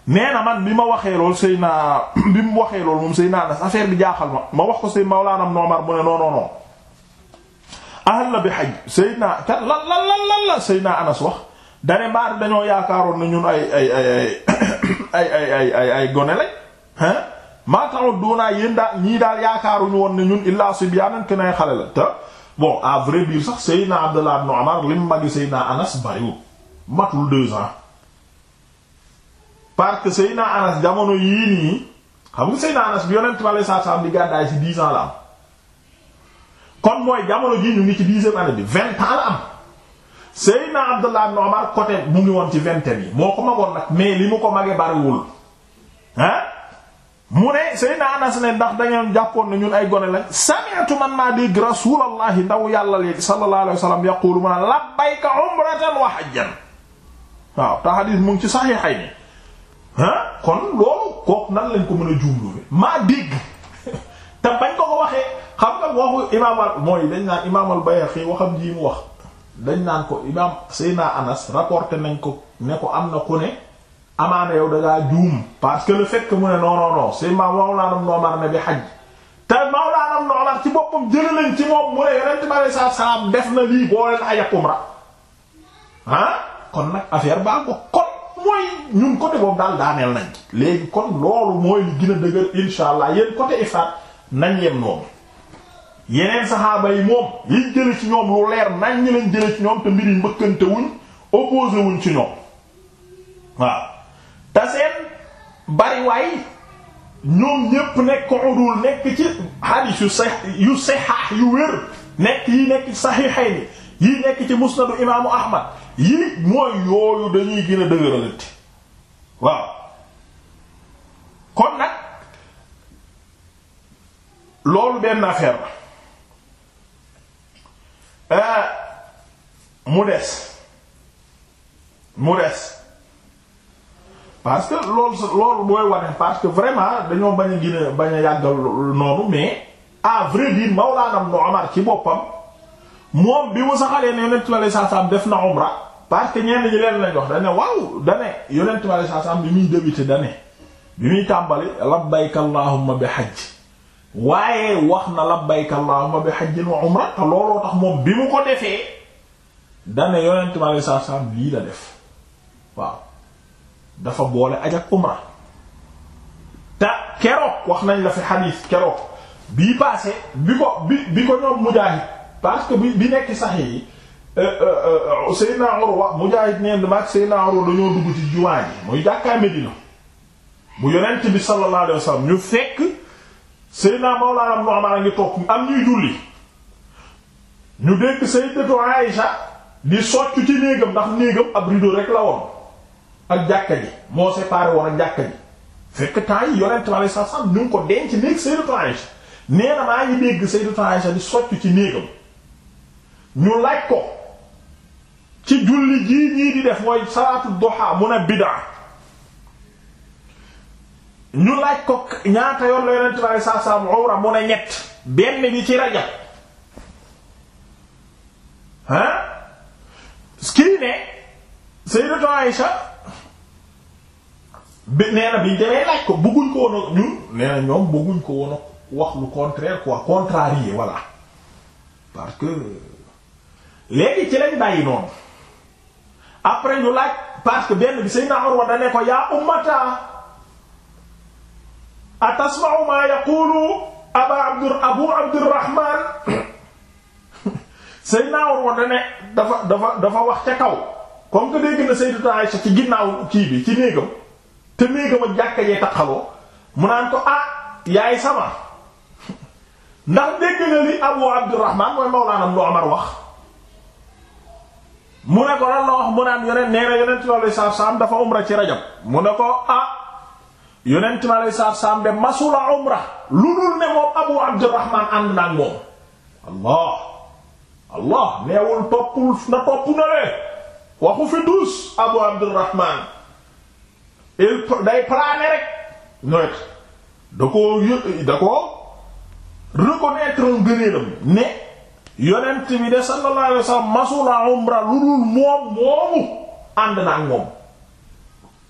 nee man bi ma waxee lool Seydina *coughs* bi mu waxee lool moom Seydina Anas affaire bi jaaxal ma ma wax ko Seydina Mawlana Omar mu ne non non bi hajj Seydina lan lan lan lan la Seydina Anas wax dane maar dañoo yaakaaroon na ñun ay ay ay ay ay ay ay gone lañ hein maataxut doonaa yéen daal ñii daal yaakaaruñu woon ne ñun illaa subyaanan ken ay xale la te bon à vrai dire sax Seydina Abdallah ibn Umar lim magi Seydina Anas bariwul matul deux ans parce que Seydina Anas jamono yii nii xam nga Seydina Anas bi yonent ma lay saa saa di gàddaay ci dix ans la am kon mooy jamono jii ñu ngi ci dixième année bi vingt ans la am Seydina Abdullah ibn Umar côté mu ngi woon ci vingtaine yi moo ko magoon nag mais li mu ko magee bariwul ah mu ne Seydina Anas ne ndax dañu jàppoon na ñun ay gone lañ sami'tu man maa dégg rasulallahi ndaw yàlla léegi sallallahu alayhi wa sallam yaqulu ma labbayka umratan wa hajjan waaw te hadith mu ci sahihayni kon nan lañ ko a jumlu maa dégg *laughs* te bañ ko ko waxee xam nga waxu imaam mooy dañ naan imaam al waxam ji mu wax. dañ naan ko imam Seyna Anas rapporté nañ ko ne ko am na ku ne amaana yow dangaa juum parce que le fait mu ne non non non Seyna Mawlaana Umar bi xaj te Mawlaana Umar ci boppam jëlee nañ ci moom mu ne yonent bi alayhi salaatu salaam def na lii boo leen ajab umra ah kon nag affaire baa ko kon mooy ñun côté boobu daal daaneel nañ léegi kon loolu mooy li gën dëgër insha allah yéen côté ifraat nañ yem noonu. yeneen saxaaba yi moom liñ jële ci ñoom lu leer nañ ñi lañ jële ci ñoom te mbiri mbëkkante wuñ opposé wuñ ci ñoom waaw te seen bariwaay ñoom ñépp nekk udul nekk ci hadith yu sax yu sahih yu wér nekk yi nekk ci saxiixayni yi nekk ci musnadu imaamu ahmad yi mooy yooyu dañuy gën a dëgëralante waaw kon nag loolu benn affaire la Eh, mu des mu des parce que lool sa loolu booy wane parce que vraiment dañoo bañ a gën bañ a yàggal noonu mais à vrai dire Mawlaana Ibn Umar ci boppam moom bi mu saxalee ne yonent bi alayhi salaam def na umra parce que ñenn ñi leen lañ wax dañ ne waaw dañ yonent bi alayhi salaam bi muy débuté dañ bi muy tàmbali labbayka allahumma bi waaye wax na labbayka allahumma bi hajjin wa umra te looloo tax moom bi mu ko defee dane yonent bi alei satu salaam lii la def waaw dafa boole aj ak umra te keroog wax nañ la fi xadiis keroog bii passé bi ko bi bi ko ñoom mujaahid parce que bi bi nekk sax yi euh, euh, euh, Seydina Urwa mujaahid neen dama ak Seydina Urwa dañoo dugg ci jumaa ji muy jàkkaa Medina bu yonent bi sallallahu alayhi ñu fekk Seydina Mawlana Ibn Umar a ngi toog am ñuy julli ñu dégg Sayyidatu Aïsha di soccu ci néegam ndax néegam ab rideau rek la woon ak jàkka ji moo séparé woon ak jàkka ji fekk temps yi yonent Yàlla sa sam ñu ngi ko denc néeg Sayyidatu Aïsha nee na maa ngi dégg Sayyidatu Aïsha di soccu ci néegam ñu laaj ko ci julli jii ñii di def mooy salaatu duha mun a bid'a ñu laaj ko ñaata yoon la yonent bi saa saa mu umra mu ne ñett benn bi ci rajab ah kii ne Sayyidatu Aïsha bi nee na biñ laaj ko bëgguñ ko woon ñun nee ñoom bëgguñ ko woon wax lu contraire quoi contrarier voilà parce que léegi ci lañ bàyyi noonu après ñu laaj parce que benn bi Sayyidna Urwa da ne ko yaa ummata atasma'u ma yaqulu aba abdu abu abdurrahman *coughs* Seydina Urwa da ne dafa dafa dafa wax ca kaw comme que dégg na Sayyidatu ci ginnaaw kii bi ci néegam te néegam ak jàkka yee taxaloo mu naan ko ah yaay sama *laughs* ndax dégg na li Abu Abdurrahman mooy mawlaanam lu Umar wax mu ne ko lan la wax mu naan yonent nee na yonent sallallahu alayhi wasallam dafa umra ci rajab mu ne ko ah yonent mi aleyhi salaatu salaam masula umra lu dul ne moom abu abdurrahman ànd naag moom allah allah neewul toppul na topp na le waxu fi dus abu abdurrahman il day plané rek nawet da koo yë da koo reconnaître ngëneelam ne yonent bi de sallallahu alayhi wasallam masula umra lu dul moom moomu ànd naag moom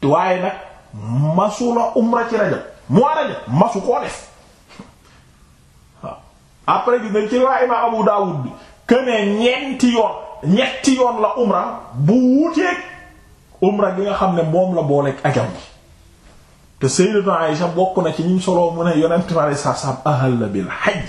waaye nag masula umra ci rajab mois rajab masu koo def après gis nañ ci riwaaya imaam Abu Dawud bi kënee ñeenti yoon ñetti yoon la umra bu wuteeg umra gi nga xam ne moom la boo booleeg ajam bi te Sayyidatu Aisha bokk na ci ñu solo mu ne yonent mi alei satu salaam ahal la bil hajj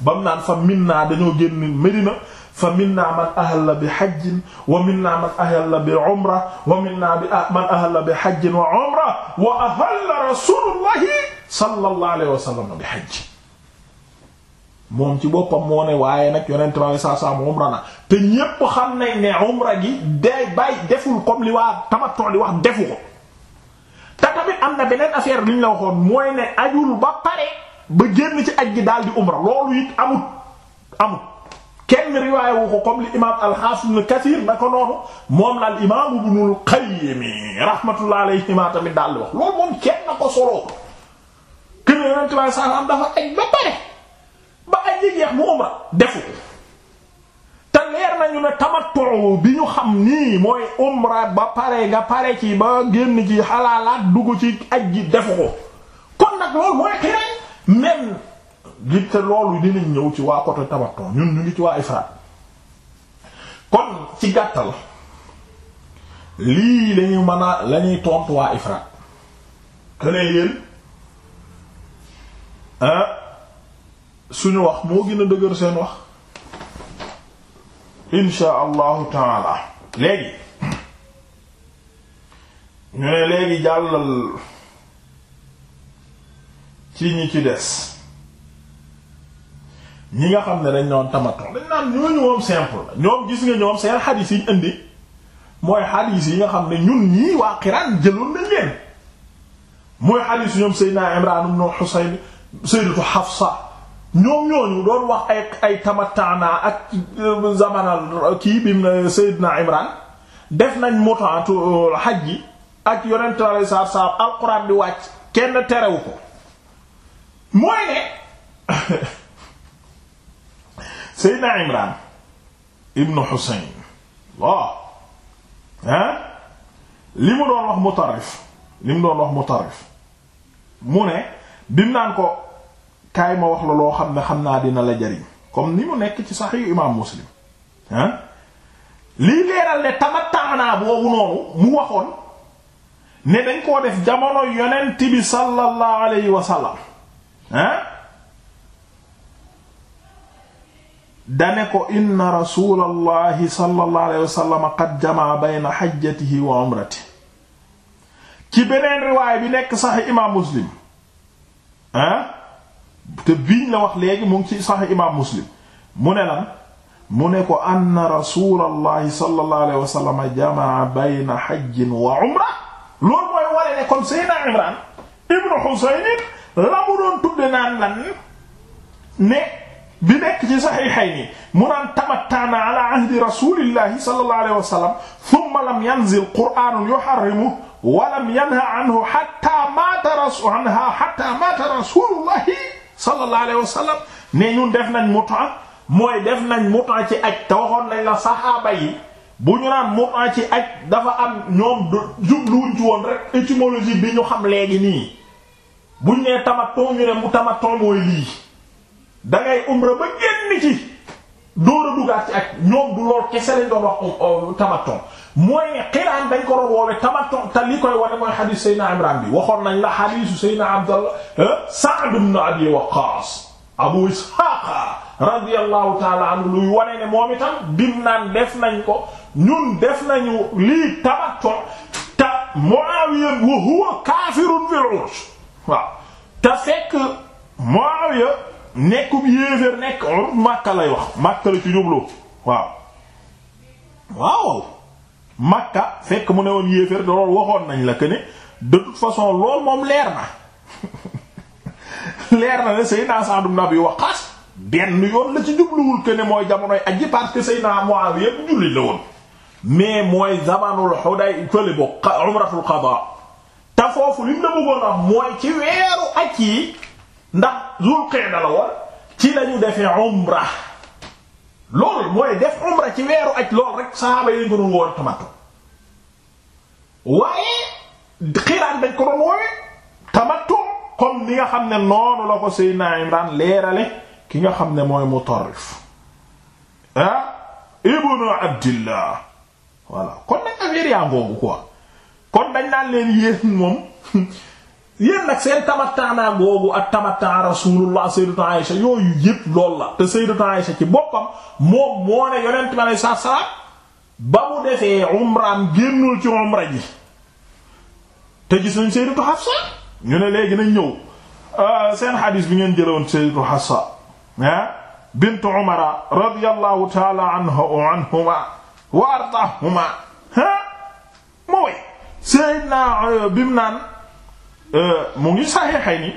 bam naan fa min naa dañoo génn Medina fa minna man ahalla bi hajjin wa minna man ahalla bi umra wa minna man ahalla bi hajjin wa umra wa ahalla rasulullahi sallallahu alayhi wa sallam bi hajj moom ci boppam moo ne waaye nag yonent ma saa saa mu umra na te ñépp xam nañ ne umra gi day bàyyi deful comme li waa tamattu li wax defu ko te tamit am na beneen affaire li ñu la waxoon mooy ne ajul ba pare ba génn ci aj gi daal di umra loolu it amut amut kenn riwaaya wu ko comme li imaam al-Hafiz Ibn na ko noonu moom la al imaam Ibn al-Qayyim rahmatullah alayhi ma tamit daal di wax loolu moom kenn na ko soloo kër nañu ne tamattu bi ñu xam nii mooy umra ba pare nga pare ci ba génn ci xalaalaat dugg ci aj ji defu ko kon nag loolu mooy xiraan même. gi te loolu dinañ ñëw ci waa côté tamatton ñun ñu ngi ci waa ifraat kon ci gàttal lii lañu mën a lañuy tontu waa ifraat këne yéen suñu wax moo gën a dëgër seen wax insha allahu taala léegi ñu ne léegi jàllal ci ñi ci des ñi nga xam ne dañ noon tamaton dañ naan ñooñu moom simple la ñoom gis nga ñoom seen xadiis yi mooy xadiis yi nga xam ne ñun ñii waa Qiraan jëloon nañ leen mooy xadiis ñoom Seydina Imraan ibn Husayn Sayyidatu ak euh, zamanal kii Seydina Imraan def nañ motantu euh, xaj yi ak yonent alei saatu salaam di wàcc kenn terewu ko mooy ne *laughs* Seydina Imraan ibnu Xuseyn waaw li mu doon wax Mutarrif li mu doon wax Mutarrif mu ne bim naan ko kaay ma wax la loo xam ne xam naa dina la jariñ comme ni mu nekk ci Sahih imaam Muslim ah leeral ne tamattaanaa boobu noonu mu waxoon ne dañ koo def jamono yonent bi sallallahu alayhi wa sallam dane ko inna rasulallahi sallallahu alayhi wa sallam qad jamaa bayna xajjatihi wa umrati ci beneen riwaay bi nekk sax imaam muslim ah te biñ la wax léegi mu ngi ci sax imaam muslim mu ne lan mu ne ko anna rasulallahi sallallahu alayhi wa sallam jamaa bayna xajjin wa umra loolu mooy ware ne kon Imraan ibnu Xuseyn la mu doon tudde naan lan ne bi nekk ci saxiixayni mu naan tamattaana ala ahdi rasulillahi sallallahu alayhi wa sallam thumma lam yanzil qur'aanun yuharrimuhu wa lam yanha anhu hatta maata rasul anha hatta maata rasulullahi sallallahu alayhi wa sallam ne ñun def nañ mutaa mooy def nañ mutaa ci aj te waxoon nañ la saxaaba yi bu ñu naan mutaa ci aj dafa am ñoom jubluwuñ ci woon rek étymologie bi ñu xam léegi nii bu nee tamattu ñu ne mu tamattu lii dangay umra ba génn ci door a dugaat ci ak ñoom du lool kese lañ doon wax euh, euh, tamaton mooy ne xiraan dañ ko doon woowee tamaton te li bi waxoon nañ la xadiisu Seydina Abdallah euh, Sa'd ibn Abi Waqqaas Abu Isxaaqa radiyallahu taala anhu luy wane ne moom itam bi naan def nañ ko ñun def nañu lii tamaton te Muawiya wa huwa kaafirun fil ursh waaw te fekk Muawiya nekkum yéeféer nekk urut Makka lay wax Makka la ci jublu waaw waaw Makka fekk mu ne woon yéeféer da loolu waxoon nañ la que de toute façon lool moom leer na *laughs* leer na ne Seydina Sa'd ibn Abi Waqqas benn yoon la ci jubluwul que ne mooy jamonoy aji parce que Seydina Muawiya yépp jullit la woon mais mooy zamanul Huday fële bo umratul qada te foofu lim la bëggoon wax mooy ci weeru aj yi ndax zul qa'da la war ci lañu defee umra loolu mooy def umra ci weeru aj loolu rek saxaaba yi ko doon woor tamatu waaye xiraan dañ ko doon woowee tamatu ni nga xam ne noonu la ko Seydina Imran leerale ki nga xam ne mooy Mutarrif ah ibnu Abdillah voilà kon nag affaire yaa ngoogu quoi kon dañ naan leen yéen moom *laughs* yéen nag seen tamattaanaa googu ak tamattaa rasulullah sayyidatu Aisha yooyu yëpp loolu la te sayyidatu Aisha ci boppam moo ne yonent bi alei sa salaam ba mu defee umraam génnul ci umra ji te gis nañ sayyidatu Hafsa ñu ne léegi nañ ñëw euh, seen xadiis bi ngeen jëlawoon sayyidatu Hafsa ah bint Umara radiyallahu ta'ala anhuma wa ardaahuma ha mooy sayyidna euh, bim Euh, mu ngi saxeexay ni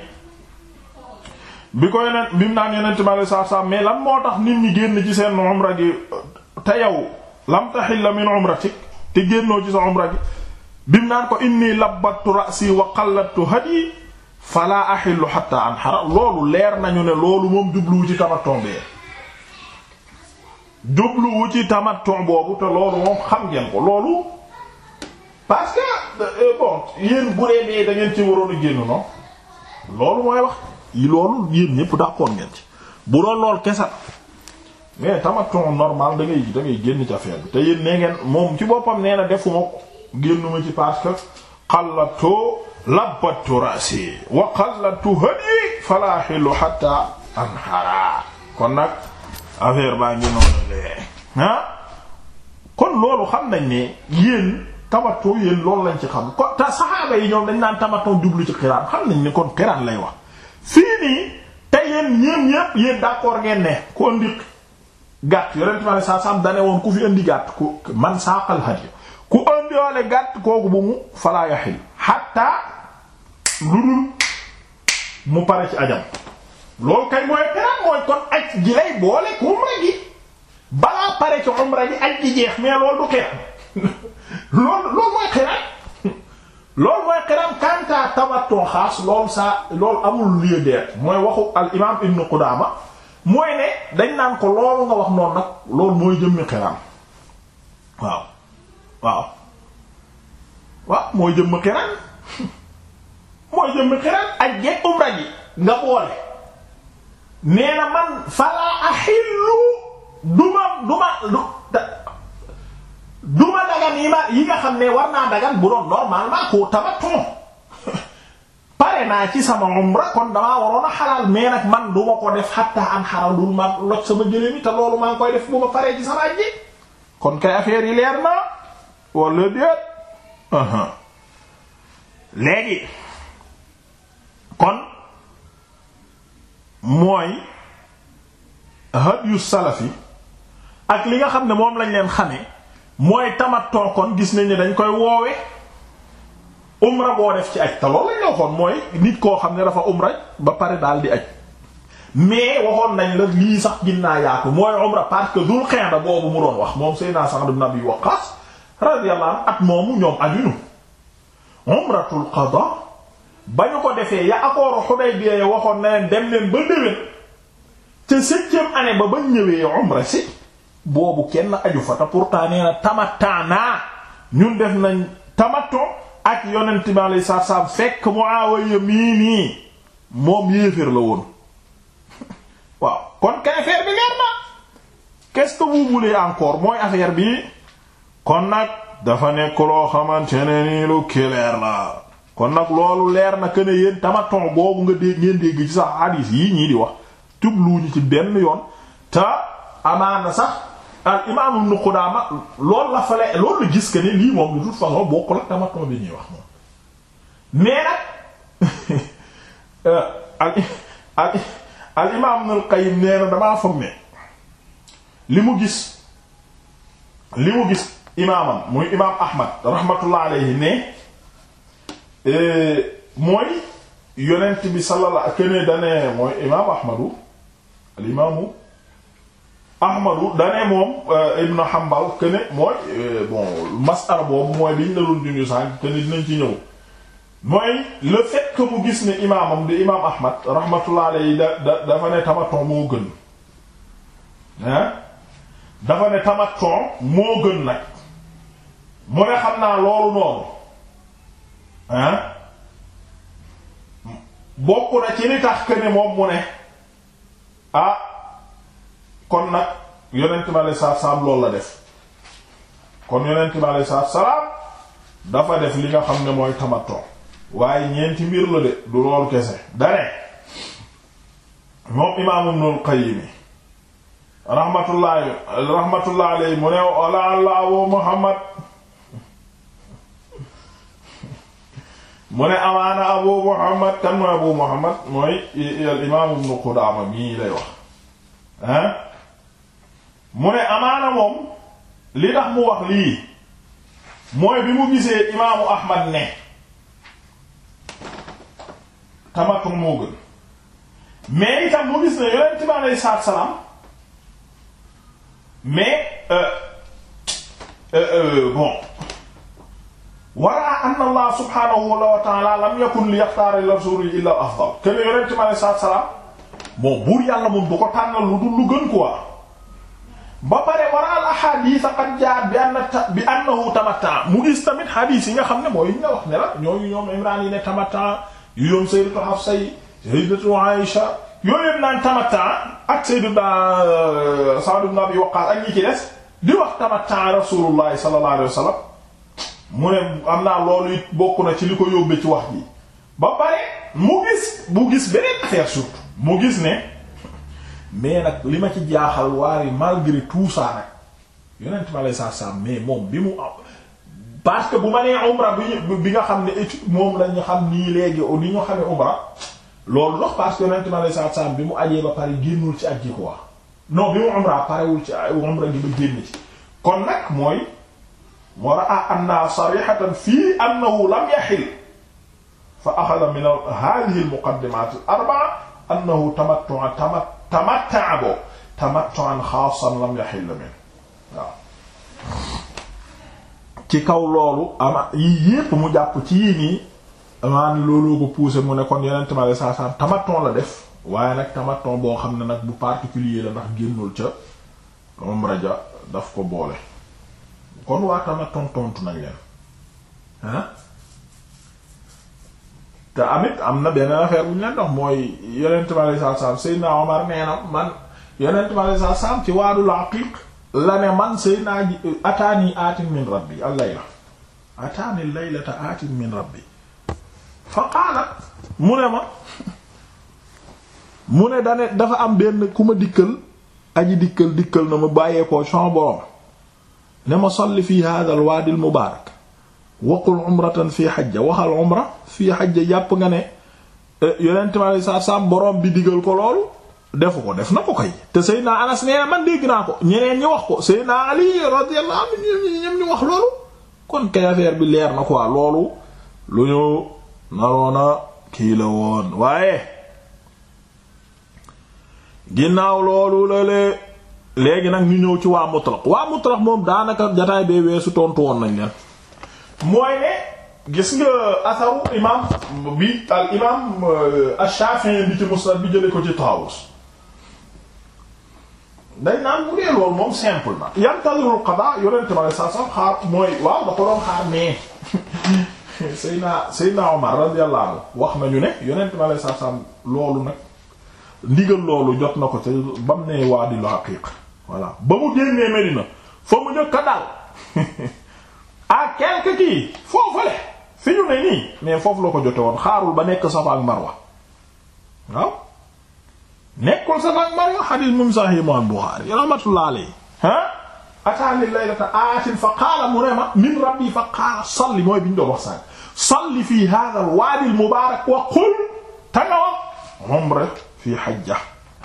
bi ko yeneen bi mu naan yeneen ma saa saa mais lan moo tax nit ñi génn ci seen umra gi te yow lam tahilla min umratik te génnoo ci sa umra gi bi naan ko inni labatu ra'si wa qallattu hadi fala ahillu hatta anhara loolu leer nañu ne loolu moom jubluwu ci tamattu bi jubluwu ci tamattu boobu te loolu moom xam ngeen ko loolu parce Eh, bon yéen bu dee nee da ci waroon a génn non loolu mooy wax loolu yéen ñëpp d'accord ngeen ci bu doon lool kese mais tamattu normal da ngay génn ci affaire bi te yéen nee ngeen moom ci boppam nee na defuma ko génnuma ci parce que xallatoo labbatu rasi wa xallatu hëni falaa xillu kon nag affaire baa ngi noonu lee ah kon loolu xam nañ ne yéen tamattu yéen loolu lañ ci xam ko te yi ñoom dañ naan tamattu jublu ci xiraan xam nañ ni kon xiraan lay wax fii nii te yéen ñéen ñépp yéen d'accord ngeen ne ku andi gàtt yonent ma ne saa sam dane ku fi andi gàtt man saaqal hadi ku andi woole kooku bu mu falaa yaxil hatta lu dul mu pare ci ajam loolu kay mooy xiraan mooy kon aj ji lay boole ku umra gi balaa pare ci umra gi aj ji jeex mais loolu du xeex loolu loolu mooy xiraan loolu mooy xiraan kantaa tamattu xaas loolu saa loolu amul lieu d'être mooy waxu al ibnu Qudaama mooy ne dañ naan ko loolu nga wax noonu nag loolu mooy jëmmi xiraan waaw waaw mooy jëmmi xiraan *laughs* mooy jëmmi xiraan ak jeeg umra ji nga boole nee na man falaa duma duma du du dagan yi ma yi nga xam ne war naa dagan bu doon normalement koo tamattu pare naa ci sama umra kon damaa waroon a xalaal mais nag man du ko def xatta am xaral dul ma loj sama jëlee mi te loolu maa ngi koy def bu ma paree ci sama ajji kon kay affaire ak li nga xam ne moom lañ leen xamee mooy tamat kon gis nañ ne dañ koy woowe umra boo def ci aj te loolu lañ la waxoon mooy nit koo xam ne dafa umra ba pare daal di aj mais waxoon nañ la lii sax ginnaa yaatu mooy umra parce que dul xinda boobu mu doon wax moom Seydina Sa'd ibn Abi Waqqas radiyallahu anhu at moomu ñoom ajuñu umratul qada ba ñu ko defee ya accord Hudaybiya waxoon na leen dem leen ba déwén ca septième année ba ba ñëwee umra si boobu kenn aju fa te pourtant nee ñun def nañ tamattu ak yonent bi alayhi salaam fekk Muawiya mii nii moom yéeféer la woon *laughs* waaw kon kay affaire bi leer na qu'est-ce que vous mooy affaire bi kon nag dafa nekk loo xamante ne nii kon nag loolu leer na que ne yéen tamaton boobu nga dégg ngeen dégg ci sax hadis yi ñii di wax tubluuñu ci benn yoon te amaana sax al imaam Ibn loolu gis que lii moom de toute façon bokkul ak tamaton bi ñuy wax moom mais nag euh, al al al imaam Ibn damaa foog ne li mu gis li gis imaamam muy imaam Ahmad rahmatullah alayhi ne euh, mooy yonent bi sallallahu alayhi wa mooy imaam Ahmadu al Ahmadu dane moom euh, Ibn Hanbal que mooy euh, bon masar boobu mooy liñ la doon junj sànq te ne dinañ ci ñëw mooy le fait mu gis ne imaamam di imaam Ahmad rahmatullah alayhi da da dafa ne tamattu moo gën dafa ne tamattu moo gën nag mu ne xam naa loolu noonu ah bokk na ci li tax que moom mu ne ah, kon nag yonent bi aleyhi salaatu salaam loolu la def kon yonent bi aleyhi salaatu salaam dafa def li nga xam ne mooy tamatoo waaye ñeenti mbir la de du loolu kese dane moom imaam Ibnul Qayyim rahmatullahi rahmatullahi alayhi mu ne ala allahu Muhammad mu ne amaana abu Muhammad kan mooy abu Muhammad mooy al imaam Ibnu Qudaama mii lay wax ah mu ne amaana moom li tax mu wax lii mooy bi mu gisee imaamu ahmad ne tamatum moo gën mais itam mu gis ne yonent bi aleyhi salaatu salaam mais euh, euh, euh, bon wara anna allah subhanahu wa ta'ala lam yakun li yaxtaara li rasulihi illa afdal kenn salaam bon buur yàlla moom du ko tànnal lu dul lu gën quoi ba pare a waral ahadis qad jaa bi anna bi annahu tamatta mu gis tamit hadis yi nga xam ne mooy yi nga wax ne la ñooyu ñoom Imran yi ne tamatta yu ñoom sayyidatu Hafsa yi sayyidatu Aisha yooyu naan tamatta ak sayyiduna euh, Sa'd ibn Abi Waqqas ak di wax tamatta Rasulullah sallallahu alayhi wasallam mu ne am naa loolu it bokk na ci li ko yóbbee ci wax ji ba pare mu gis mu gis beneen affaire surtout mu gis ne. mais nag li ma ci jaaxal waaye malgré tout ça nag yonent ma lay saa saa mais moom bi mu am parce que bu ma nee umra bi bi nga xam ne étude moom la ñu xam nii léegi ni ñu xamee umra loolu dox parce que yonent ma lay bi mu ajee ba pare génnul ci ak ko quoi non bi mu umra parewul ci umra gi ba génn ci kon nag mooy moo raa ah, anna sarihatan fii annahu lam yaxil fa axada min hadhihi al muqaddimat al arba'a annahu tamattu'a tamattaa boo tamattu'an xaasan lam yaxill min waaw ci kaw loolu ama yii yépp mu jàpp ci yii nii maan looloo ko poussé mu ne kon yeneen ma la def waaye nag tamaton boo xam ne nag bu particulier la ndax génnul ca umra ja daf ko boole kon waa tamatton tontu nañ leen ah amit am na beneen affaire bu ñu leen dox mooy yonent bi alayhi salaam Seydina Omar nee man yonent bi alayhi salaam ci waadul aqiq la ne man Seydina ataani aatin min rabbi al-layla ataani laylata aatin min rabbi fa qaala mu ne ma mu ne dane dafa am benn ku ma dikkal aji dikkal dikkal na mu bàyyeekoo champ borom ne ma salli fi hadha al-wadi waqul umratan fii xajja waxal umra fii xajja jàpp nga ne e, yonent mi alei satu salaam borom bi digal ko loolu defu ko def na ko kay te Seydina Anas nee na man dégg naa ko ñeneen ñu wax ko Seydina Ali radiyallahu anhu ñoom ñu wax loolu kon kay bi leer na quoi loolu lu ñu naroona kii la woon waaye ginnaaw loolu la lee léegi nag ñu ñëw ci waa mutlaq waa mutlaq moom daanaka jataay bee weesu tontu woon nañ leen mooy ne gis nga asaru imam bi al imam euh, Shafi'i bi ci Musnad bi jële ko ci Tawus dañ naan mu dee loolu moom simple na yantadirul qada yonente ma le sa sax mooy waaw da ko doon xaar nee *laughs* Seydina Seydina Omar radiyallahu anhu ne yonente ma le sa loolu jot na ko ca ba mu ne waadil haqiq voilà ba mu génnee Medina fa mu njëkk a dal *laughs* quelque kii foofale fi ñu ne nii mais foofu la ko jote woon xaarul ba nekk Safa ak Marwa waaw nekkul Safa ak Marwa xadiis mum sax yi moom Buxaari rahmatullah alayhi ah ataani laylata aatin fa qaala mu ne ma min rabbi fa qaala salli mooy bi ñu doon wax sànq salli fi haadha al-waadi al-mubaarak wa qul tanawa umra fi hajja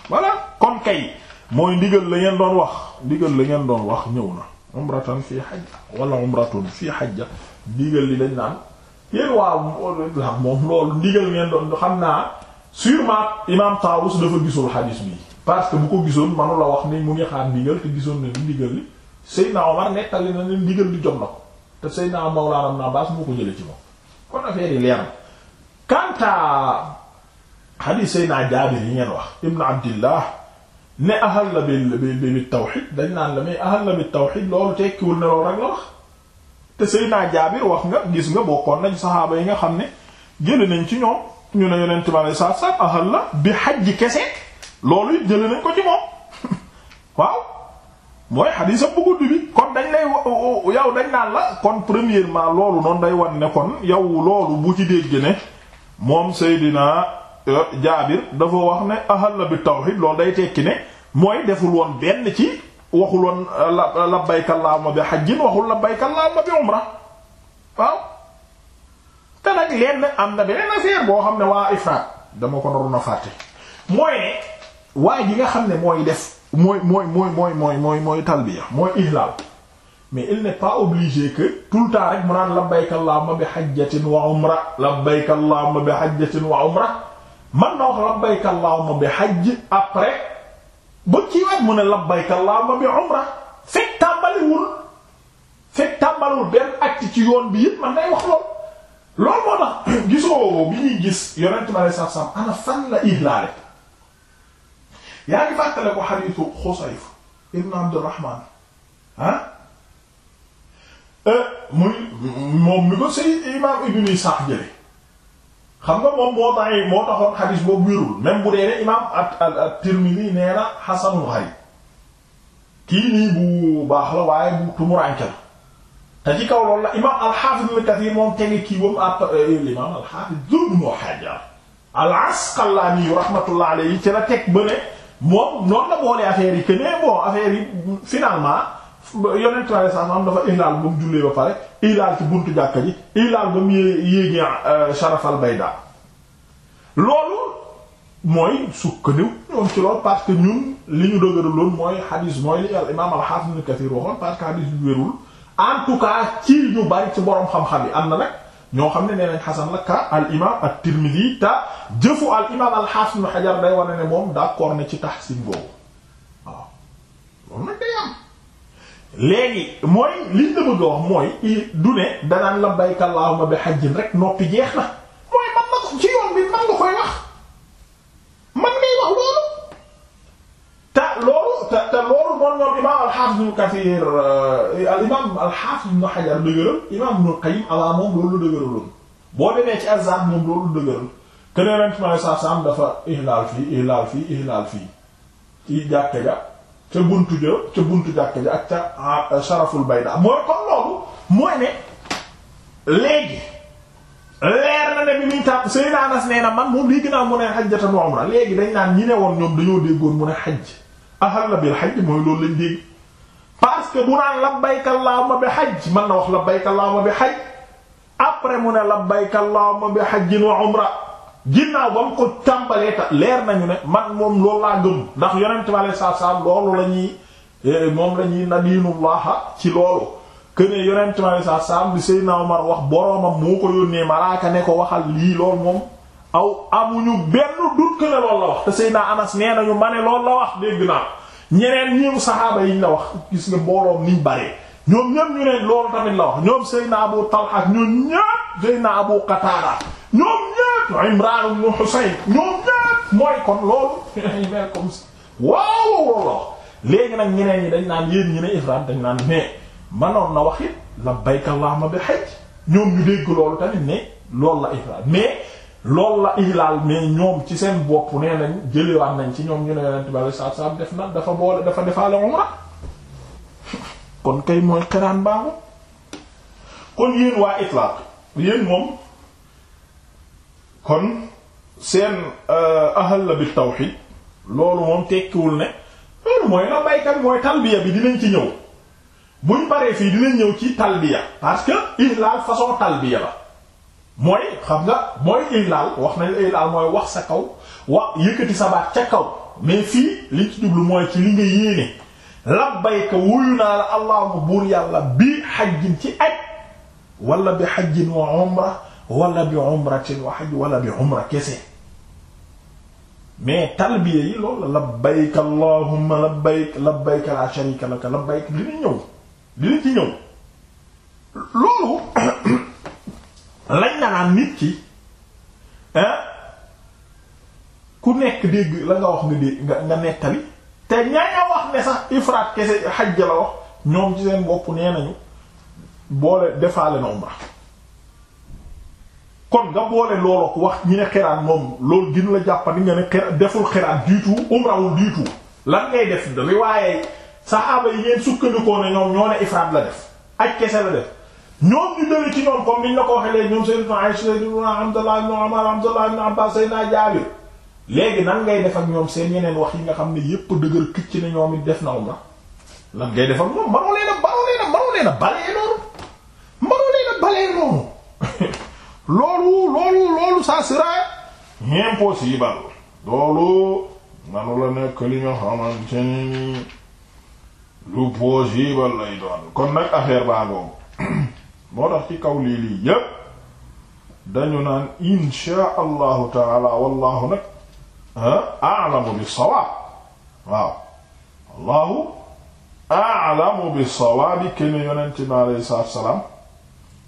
voilà kon kay mooy ndigal la ngeen doon wax ndigal la ngeen doon wax ñëw na umratan fii xajja wala umratun fii xajja ndigal li dañ naan yéen waaw moom loolu ndigal ngeen doon xam naa sûrement imam Tawus dafa gisul xadiis bi parce que bu ko gisoon manu la wax ni mu ngi xaar ndigal te gisoon na ni ndigal li Seydina Omar nettali na ne ndigal li jot na ko te Seydina Mawlana Ibn Abbas moo ko jële ci moom kon affaire yi leer na quant xadiis Seydina Jaabir yi ngeen wax ibn Abdillah ne ahal la bi bi bi tawxid dañ naan la mais ahal la bi tawxid loolu tekkiwul ne loolu rek la wax te Seydina Jaabir wax nga gis nga bokkoon nañ saxaaba yi nga xam ne jëli nañ ci ñoom ñu ne yonent bi alei satu salaam ahal la bi xajji keseek loolu it jëli nañ ko ci moom *laughs* waaw mooy xadiisa bu gudd bi kon dañ lay yow dañ naan la kon premièrement loolu noonu day wan ne kon yow loolu bu ci dégg ne moom Seydina Euh, jaabir dafa wax ne ahalla bi tawxid loolu day tekki ne mooy deful woon benn ci waxul woon euh, euh, labbayka allahumma bi hajjin waxul labbayka bi umra waaw te nag lenn am na beneen affaire boo xam ne waa ifraat dama ko naroon a fàtte mooy ne waa ji nga xam ne mooy def mooy mooy mooy mooy mooy mooy mooy talbiya mooy ihlal mais il n'est pas obligé que tout le temps rek mu naan labbayka allahumma bi hajjatin wa umra labbayka allahumma bi hajjatin wa umra man na wax labbayka allahumma bi hajj après ba kiiwaat mu ne labbayka allahumma bi umra fekk tàmbaliwul fekk tàmbaliwul benn acte ci yoon bi yëpp man day wax lool loolu moo tax *coughs* gisoo bi ñuy gis yonent bi alayhi salaam ana fan la ihlaale yaa ngi fàttale ko xadiisu Xusayf ibn Abdurrahman ah eh, muy moom mi ko say imam ibn Isaaq jële xam nga moom moo tax moo taxoon xadis boobu wérul même bu dee ne imaam at at Tirmidhi nee na xasanul xari kii nii bu baax la waaye bu tumuraanke la te ci kaw loolu la imaam al-Hafiz Ibn Kathir moom tege kii boobu at eh, imaam al-Hafiz Ibn Hajar al-Asqalani rahmatullah alayhi ci la teg ba ne moom noonu la boole affaire yi que ne bon affaire yi finalement. yonent trois cent am dafa ilaal ba jullee ba pare ilaal ci buntu jàkka ji ilaal ba mu yéegee euh, sharafal bayda loolu mooy sukkandiw ñoom ci loolu parce que ñun li ñu dëgëraloon mooy xadiis mooy li al imaam al-Hafiz Ibn Kathir waxoon parce que xadiis yu wérul en ci ñu bari ci boroom xam-xam yi am na nag ñoo xam ne nee nañ xasan la ka al imaam te jëfu al imaam al-Hafiz day wane ne moom d'accord na ci tahsin boobu waaw léegi mooy liñ la bëgg a wax mooy du ne danaan labbayka bi hajjin rek noppi jeex na mooy man na ko ci yoon bi man nga koy wax man ngay wax loolu te loolu te te loolu moom ñoom imam al-Hafiz Ibn Kathir euh, al imam al-Hafiz Ibn Hajar dëgëral imam Ibn Qayyim ala moom loolu dëgëraloon boo demee ci azab moom loolu dëgëral keneen rent ma ne saam dafa ihlaal fii ihlaal fii ihlaal fii ci jàkke ja ca buntu ja ca buntu jàkk ja ak ca ah, euh, sharaful bayda mooy kon loolu mooy ne léegi leer na ne bi muy tàpp Seydina Anas nee na man moom lii ginnaaw mu ne hajjatan wa umra léegi dañ naan ñi ne woon ñoom dañoo déggoon mu ne xajj ahalla bil hajj mooy loolu lañ parce que bu naan labbayka allahumma bi hajj man na wax labbayka allahumma bi hajj après mu ne labbayka allahumma bi hajjin wa umra ginnaaw ba mu ko tàmbalee ta leer nañu ne man moom loolu laa gëm ndax yonent bi aleyhi salaatu salaam loolu la ñuy eh, moom la ñuy nadiinullaha ci loolu que ne yonent bi aleyhi salaatu salaam bi Seydina wax boroomam moo ko yónnee malaaka ne ko waxal lii loolu moom aw amuñu benn dut que ne la wax te Seydina Anas nee nañu ma ne loolu la wax dégg naa ñeneen ñiw saxaaba yiñ la wax gis nga mbooloom niñ baree ñoom ñëpp ñu ne loolu tamit la wax ñoom Seydina Abu Talha ak ñoom ñëpp ñoom ñépp Imraan ibn mooy kon loolu *laughs* waaw waaw léegi nag ñeneen ñi dañ naan yéen ñi ne ifrad dañ naan mais manoon na wax it labbayka allahumma bi hajj ñoom ñu dégg loolu tamit ne loolu la ifrad mais loolu la ihlaal mais ñoom ci seen bopp nee nañ jëliwaat nañ ci ñoom ñu ne yonent bi alayhi salaatu def na dafa boole dafa defaale umra *laughs* kon kay mooy xiraan baaxu kon yéen waa itlaq yéen moom kon seen euh, ahal la bi tawxid loolu moom tekkiwul ne loolu mooy la baykat mooy talbiya bi dinañ ci ñëw buñ paree fii dinañ ñëw ci talbiya parce que ihlaal façon talbiya la mooy xam nga mooy ihlaal wax nañ ihlaal mooy wax sa kaw wax yëkkati sa baat ca kaw mais fii liñ ci jublu mooy ci li nga yéene labbayka wuyu naa la allahuma buur yàlla bi xajjin ci aj wala bi xajjin wa umra wala bi umratin wa bi umra kese mais talbiya yi loolu labbayk allahumma labbayk la sharika laka li ñu ñëw li ñu ci ñëw loolu *coughs* lañ na naan nit ki ku nekk dégg la nga wax nga dégg nga nettali te ñaña wax ne sax ifraat kese xajja la wax ñoom ci seen bopp nee nañu boole defaale na umra kon nga boole loolu wax ñi ne xiraan moom loolu gën la jàppandi nga ne xiraan deful xiraan du tout umrawul du tout lan ngay def dafay waaye saxaaba yi ngeen sukkandikoo ne ñoom ñoo ne ifraad la def ak kese la def ñoom ñu dële ci ñoom comme niñ la ko waxee léegi ñoom sayyidina Aisha sayyidina Abdullah ibn Umar Abdullah léegi nan ngay def ak ñoom seen yeneen wax yi nga xam ne yépp dëgër këcc na ñoom it def na umra lan ngay def ak ñoom mënoo leen a mënoo balee noonu mënoo loolu loolu loolu ça sera impossible loolu nanu la nekk li nga lu possible lay kon nag affaire baa boobu *clears throat* moo tax ci kaw lii dañu naan insha allahu taala wallahu nag ah, a'lamu bis-sawaab waaw allahu a'lamu bis-sawaab kenn yonent bi alayhi salaam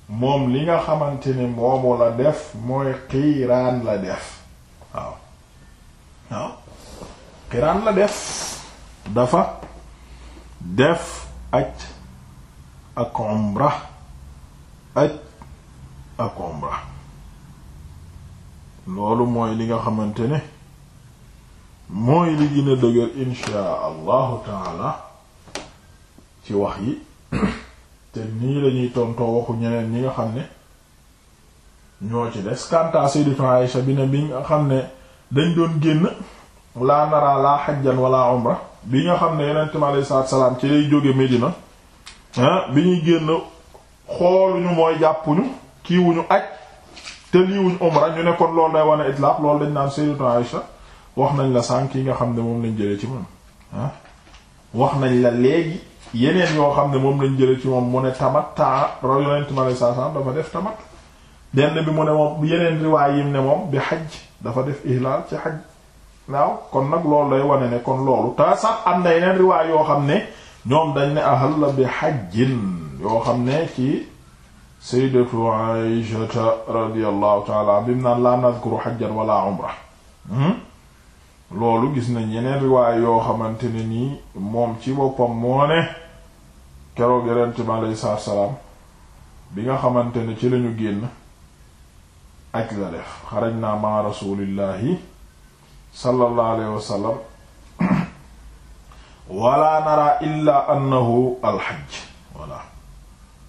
moom li nga xamante ne moomu la def mooy xiiraan la def waaw waaw la def dafa def aj ak umra aj ak umra loolu mooy li nga xamante ne mooy li gën a dëgër inshaa allahu taala ci wax yi te nii lañuy tontoo waxu ñeneen ñi nga xam ne ñoo ci des kanta sayyidatu Aisha bi ne bi nga xam ne dañ doon génn laa nara laa xajjan wala umra bi nga xam ne yonent mi alayhi salaatu salaam ci lay jóge Medina ah, bi ñuy génn xooluñu mooy jàppuñu kiiwuñu aj te liiwuñu umra ñu ne kon lool day wane itlaaq loolu dañ naan sayyidatu Aisha wax nañ la sànk yi nga xam ne moom lañ jëlee ci moom ah, wax nañ la léegi yeneen yoo xam ne moom lañ jële ci moom mu ne tamatta raw yonent mi alayhi salaam dafa def tamat benn bi mu ne moom yeneen riwaay yim ne moom bi xaj dafa def ihlaal ci xaj waaw kon nag loolu lay wane ne kon loolu te sax am na yeneen riwaay yoo xam ne ñoom dañ ne ahal la bi xajjin yoo xam ne ci sayyidatu Aysha radiyallahu ta'ala bim naan la nadhkuru hajjan wala umra hmm? loolu gis nañ yeneen riwaay yoo xamante ne nii moom ci boppam moo ne keroog yonent bi aleyhi salaam bi nga xamante ne ci lañu génn aj la def xaraj naa ma rasulillahi sallallahu alayhi wa *clears throat* nara illa annahu alxaj voilà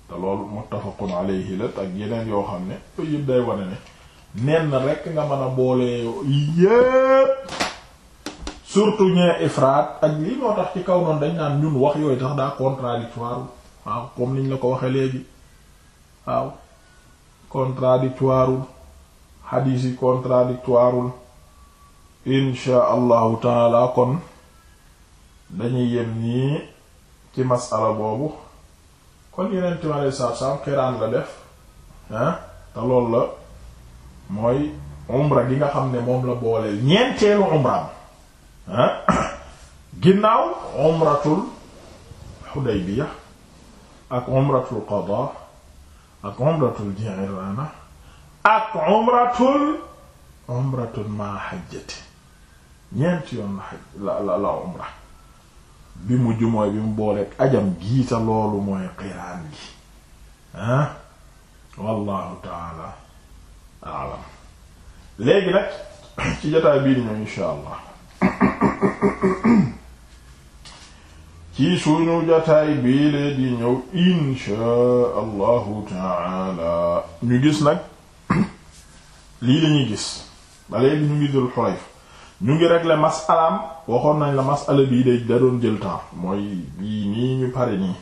te loolu muttafaqun alayhi la ak yeneen yoo xam ne yooyu yëpp day wane ne nenn rekk nga mën a boole yépp surtout ñee ifraat ak lii moo tax ci kaw noonu dañ naan ñun wax yooyu tax daa contradictoire waaw comme niñ la ko waxe léegi waaw contradictoireul xadiis yi contradictoireul insha allahu taala kon dañu yem nii ci masala boobu kon yeneen time alay saab saab xiraan la def hein te loolu la mooy umra gi nga xam ne moom la booleel ñeenteelu umraam Ah? *coughs* ginnaaw umratul Hudaybiya ak umratul qada ak umratul Ji'rana ak umratul bi mu jumooy ajam giita loolu mooy qiraan gi ah wallahu taala alam léegi nag *coughs* ci jotaay bii di ñëw *coughs* ci suñu jotaay bii lee ñëw inchaa allahu taala ñu gis nag *coughs* lii la gis ba léegi ñu ngi dul xulayf ñu ngi régler masalaam waxoon nañ la masala bii day da jël temps mooy bii nii ñu pare nii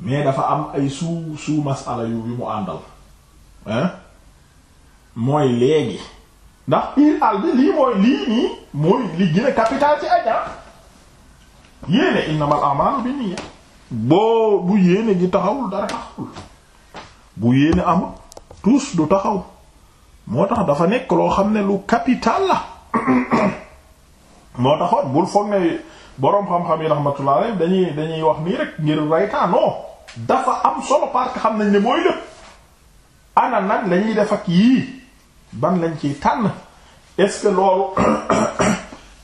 mais dafa am ay suu suu masala yu bi mu àndal hein mooy léegi ndax il al bi lii mooy lii nii mooy li gën a capital ci aja yéene innamal a'malu binniyya boo bu yéene ji taxawul dara taxawul bu yéene amul tous du taxaw moo tax dafa nekk loo xam ne lu capital la moo taxoon bul foog ne boroom xam-xam yi rahmatullah alayhi dañuy dañuy wax nii rek ngir rayta non dafa am solo parce xam nañ ne mooy lépp ana lañuy def yii ban lañ ci tànn est loolu *coughs*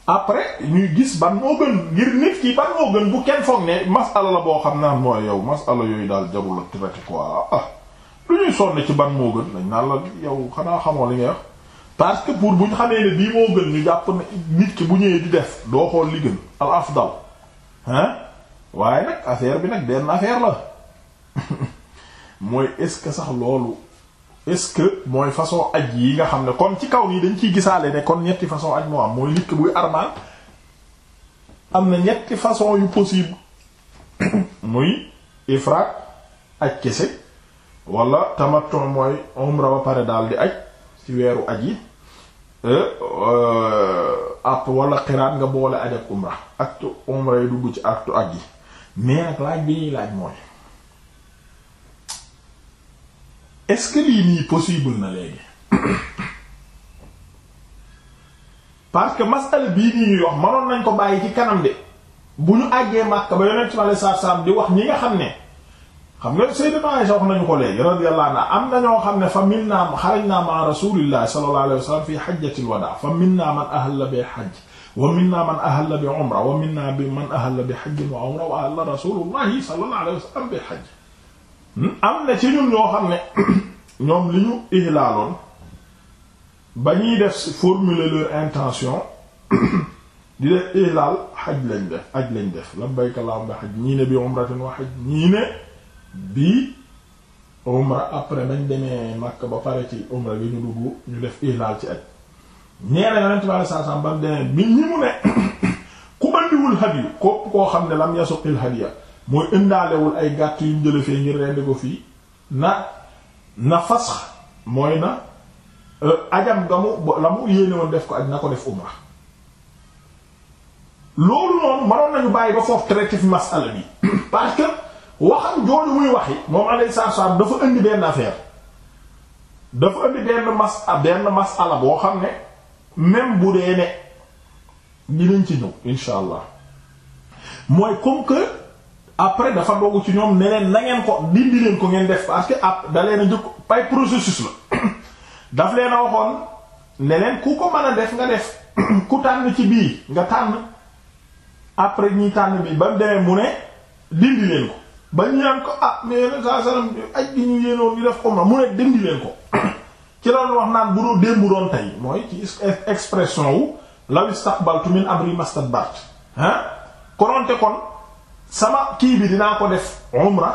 après ñuy gis ban moo gën ngir nit ki ban moo gën bu kenn foog ne masala la boo xam naan mooy yow masala yooyu daal jarul a traité ah, lu ñuy sonn ci ban moo gën dañ naan la yow xanaa xamoo li ngay wax parce que pour bu ñu xamee ne bii moo gën ñu nit ki bu ñuy di def doo xool li gën al afdal hein waaye nag affaire bi nag benn affaire la *laughs* mooy est-ce que sax loolu est-ce que mooy façon aj yi nga xam ne kon ci kaw nii dañ ciy gisaale ne kon ñetti façon aj moo am mooy likk buy armal am na ñetti façon yu possible *coughs* muy ifraat aj kese wala tamattu mooy umra ba pare daal di aj ci weeru aj yi euh, àpp walla xiraat nga boole aj ak umra aktu umra yi dugg ci aktu aj yi mais nag laaj bi ñuy laaj mooy est-ce que lii nii possible na léegi parce que masala bii nii ñuy wax mënoon nañ ko bàyyi ci kanam de bu ñu àggee Makka ba yonent bi sallallahu alayhi wasallam di wax ñi nga xam ne xam nga Sayyidatu Aisha wax nañu ko léegi am na ñoo xam ne fa minna xarajna ma'a rasulillahi sallallahu alayhi fi hajjatil wadaa fa minna man ahalla bi hajj wa minna minna man ahalla bi hajj wa umra wa ahalla rasulullahi sallallahu alayhi wasallam bi am na ci ñun ñoo xam ne *clears throat* ñoom li ñu ihlaaloon ba ñuy def formuler leur intention *clears throat* di def ihlaal xaj lañ def aj lañ def labbayka allahumma xaj ñii ne bi umratin wa xaj ñii ne bi umra après bañ demee Makka ba pare ci umra bi ñu dugg ñu def ihlaal ci aj ñeene yonent bi alei sat selam bam demee bi ñi mu ne *clears throat* ku bandiwul hadiyu kopp koo xam ne la yasuqil hadiya mooy indaalewul ay gàtt yu jële fee ngir rendi ko fii na na fasx mooy na euh, ajam nga mu la mu yéene def ko ak na ko def umra loolu noonu mënoon nañu bàyyi ba foofu traité fi masala bi *clears throat* parce que waxam jooju muy waxi moom alayhi salaam dafa indi benn affaire dafa indi benn mas benn masala boo xam ne même bu dee ne dinañ ci ñëw insha allah mooy comme que après dafa dogu ci ñoom ne leen na ngeen ko dindi leen ko ngeen def parce que ab da leen a njëkk pay processus la *coughs* daf leen a waxoon ne ku ko mën a def nga def *coughs* ku tànn ci bii nga tànn après ñi tànn bi ba mu demee mu ne dindi leen ko ba ñu naan ko ah mais saa salaam aj gi ñu yéenoon ñu def umra mu ne dindi leen ko *coughs* ci loolu wax naan bu doon démb doon tey mooy ci expression wu law istaqbaltu min amri mastadbart hein koronte kon sama kii bi dinaa ko def umra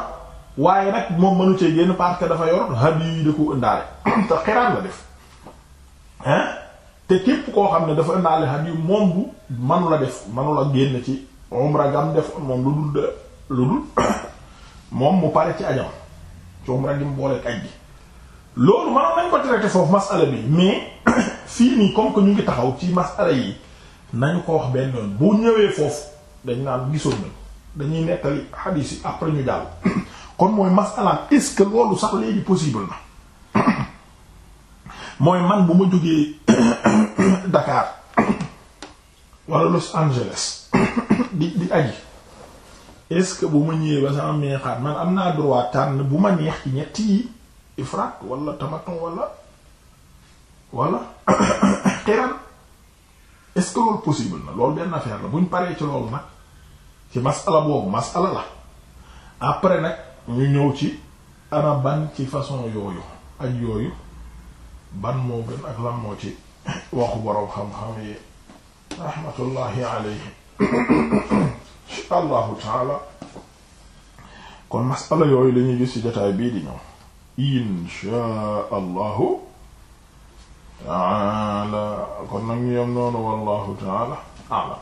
waaye nag moom mënu cee génn parce que dafa yor hadiyu yi da ko ëndaale *clears throat* te xiraan la def hein te képp koo xam ne dafa ëndaale hadiyu moom bu manu la def manu la génn ci umra gam def moom lu dul de *clears throat* lu mu pare ci ajam ci umra gi mu booleeg aj gi loolu manoon nañ ko traité foofu masala bi mais *clears throat* fii nii comme que ñu ngi taxaw ci masala yi nañu ko wax benn yoon bu ñëwee foofu dañ naa gisoon nañ dañuy nettali xadiis yi après ñu jàll kon mooy masalaam est-ce que loolu sax léegi possible na mooy man bu ma jógee *coughs* Dakar wala Los Angeles *coughs* di di aji est-ce que bu ma ñëwee ba sama meexaat man am naa droit tànn bu ma neex ci ñett yi ifrat wala tamaton wala wala *coughs* xiran est loolu possible na loolu benn affaire la buñ paree ci loolu nag ci masala boobu masala la après nag ñu ñëw ci ana ban ci façon yooyu ak yooyu ban moo gën ak lan moo ci waxu boroom xam-xam yi rahmatullahi alayhi insha allahu taala kon yooyu la gis ci jotaay bii di ñëw insha nag ñu yem noonu wallahu taala alam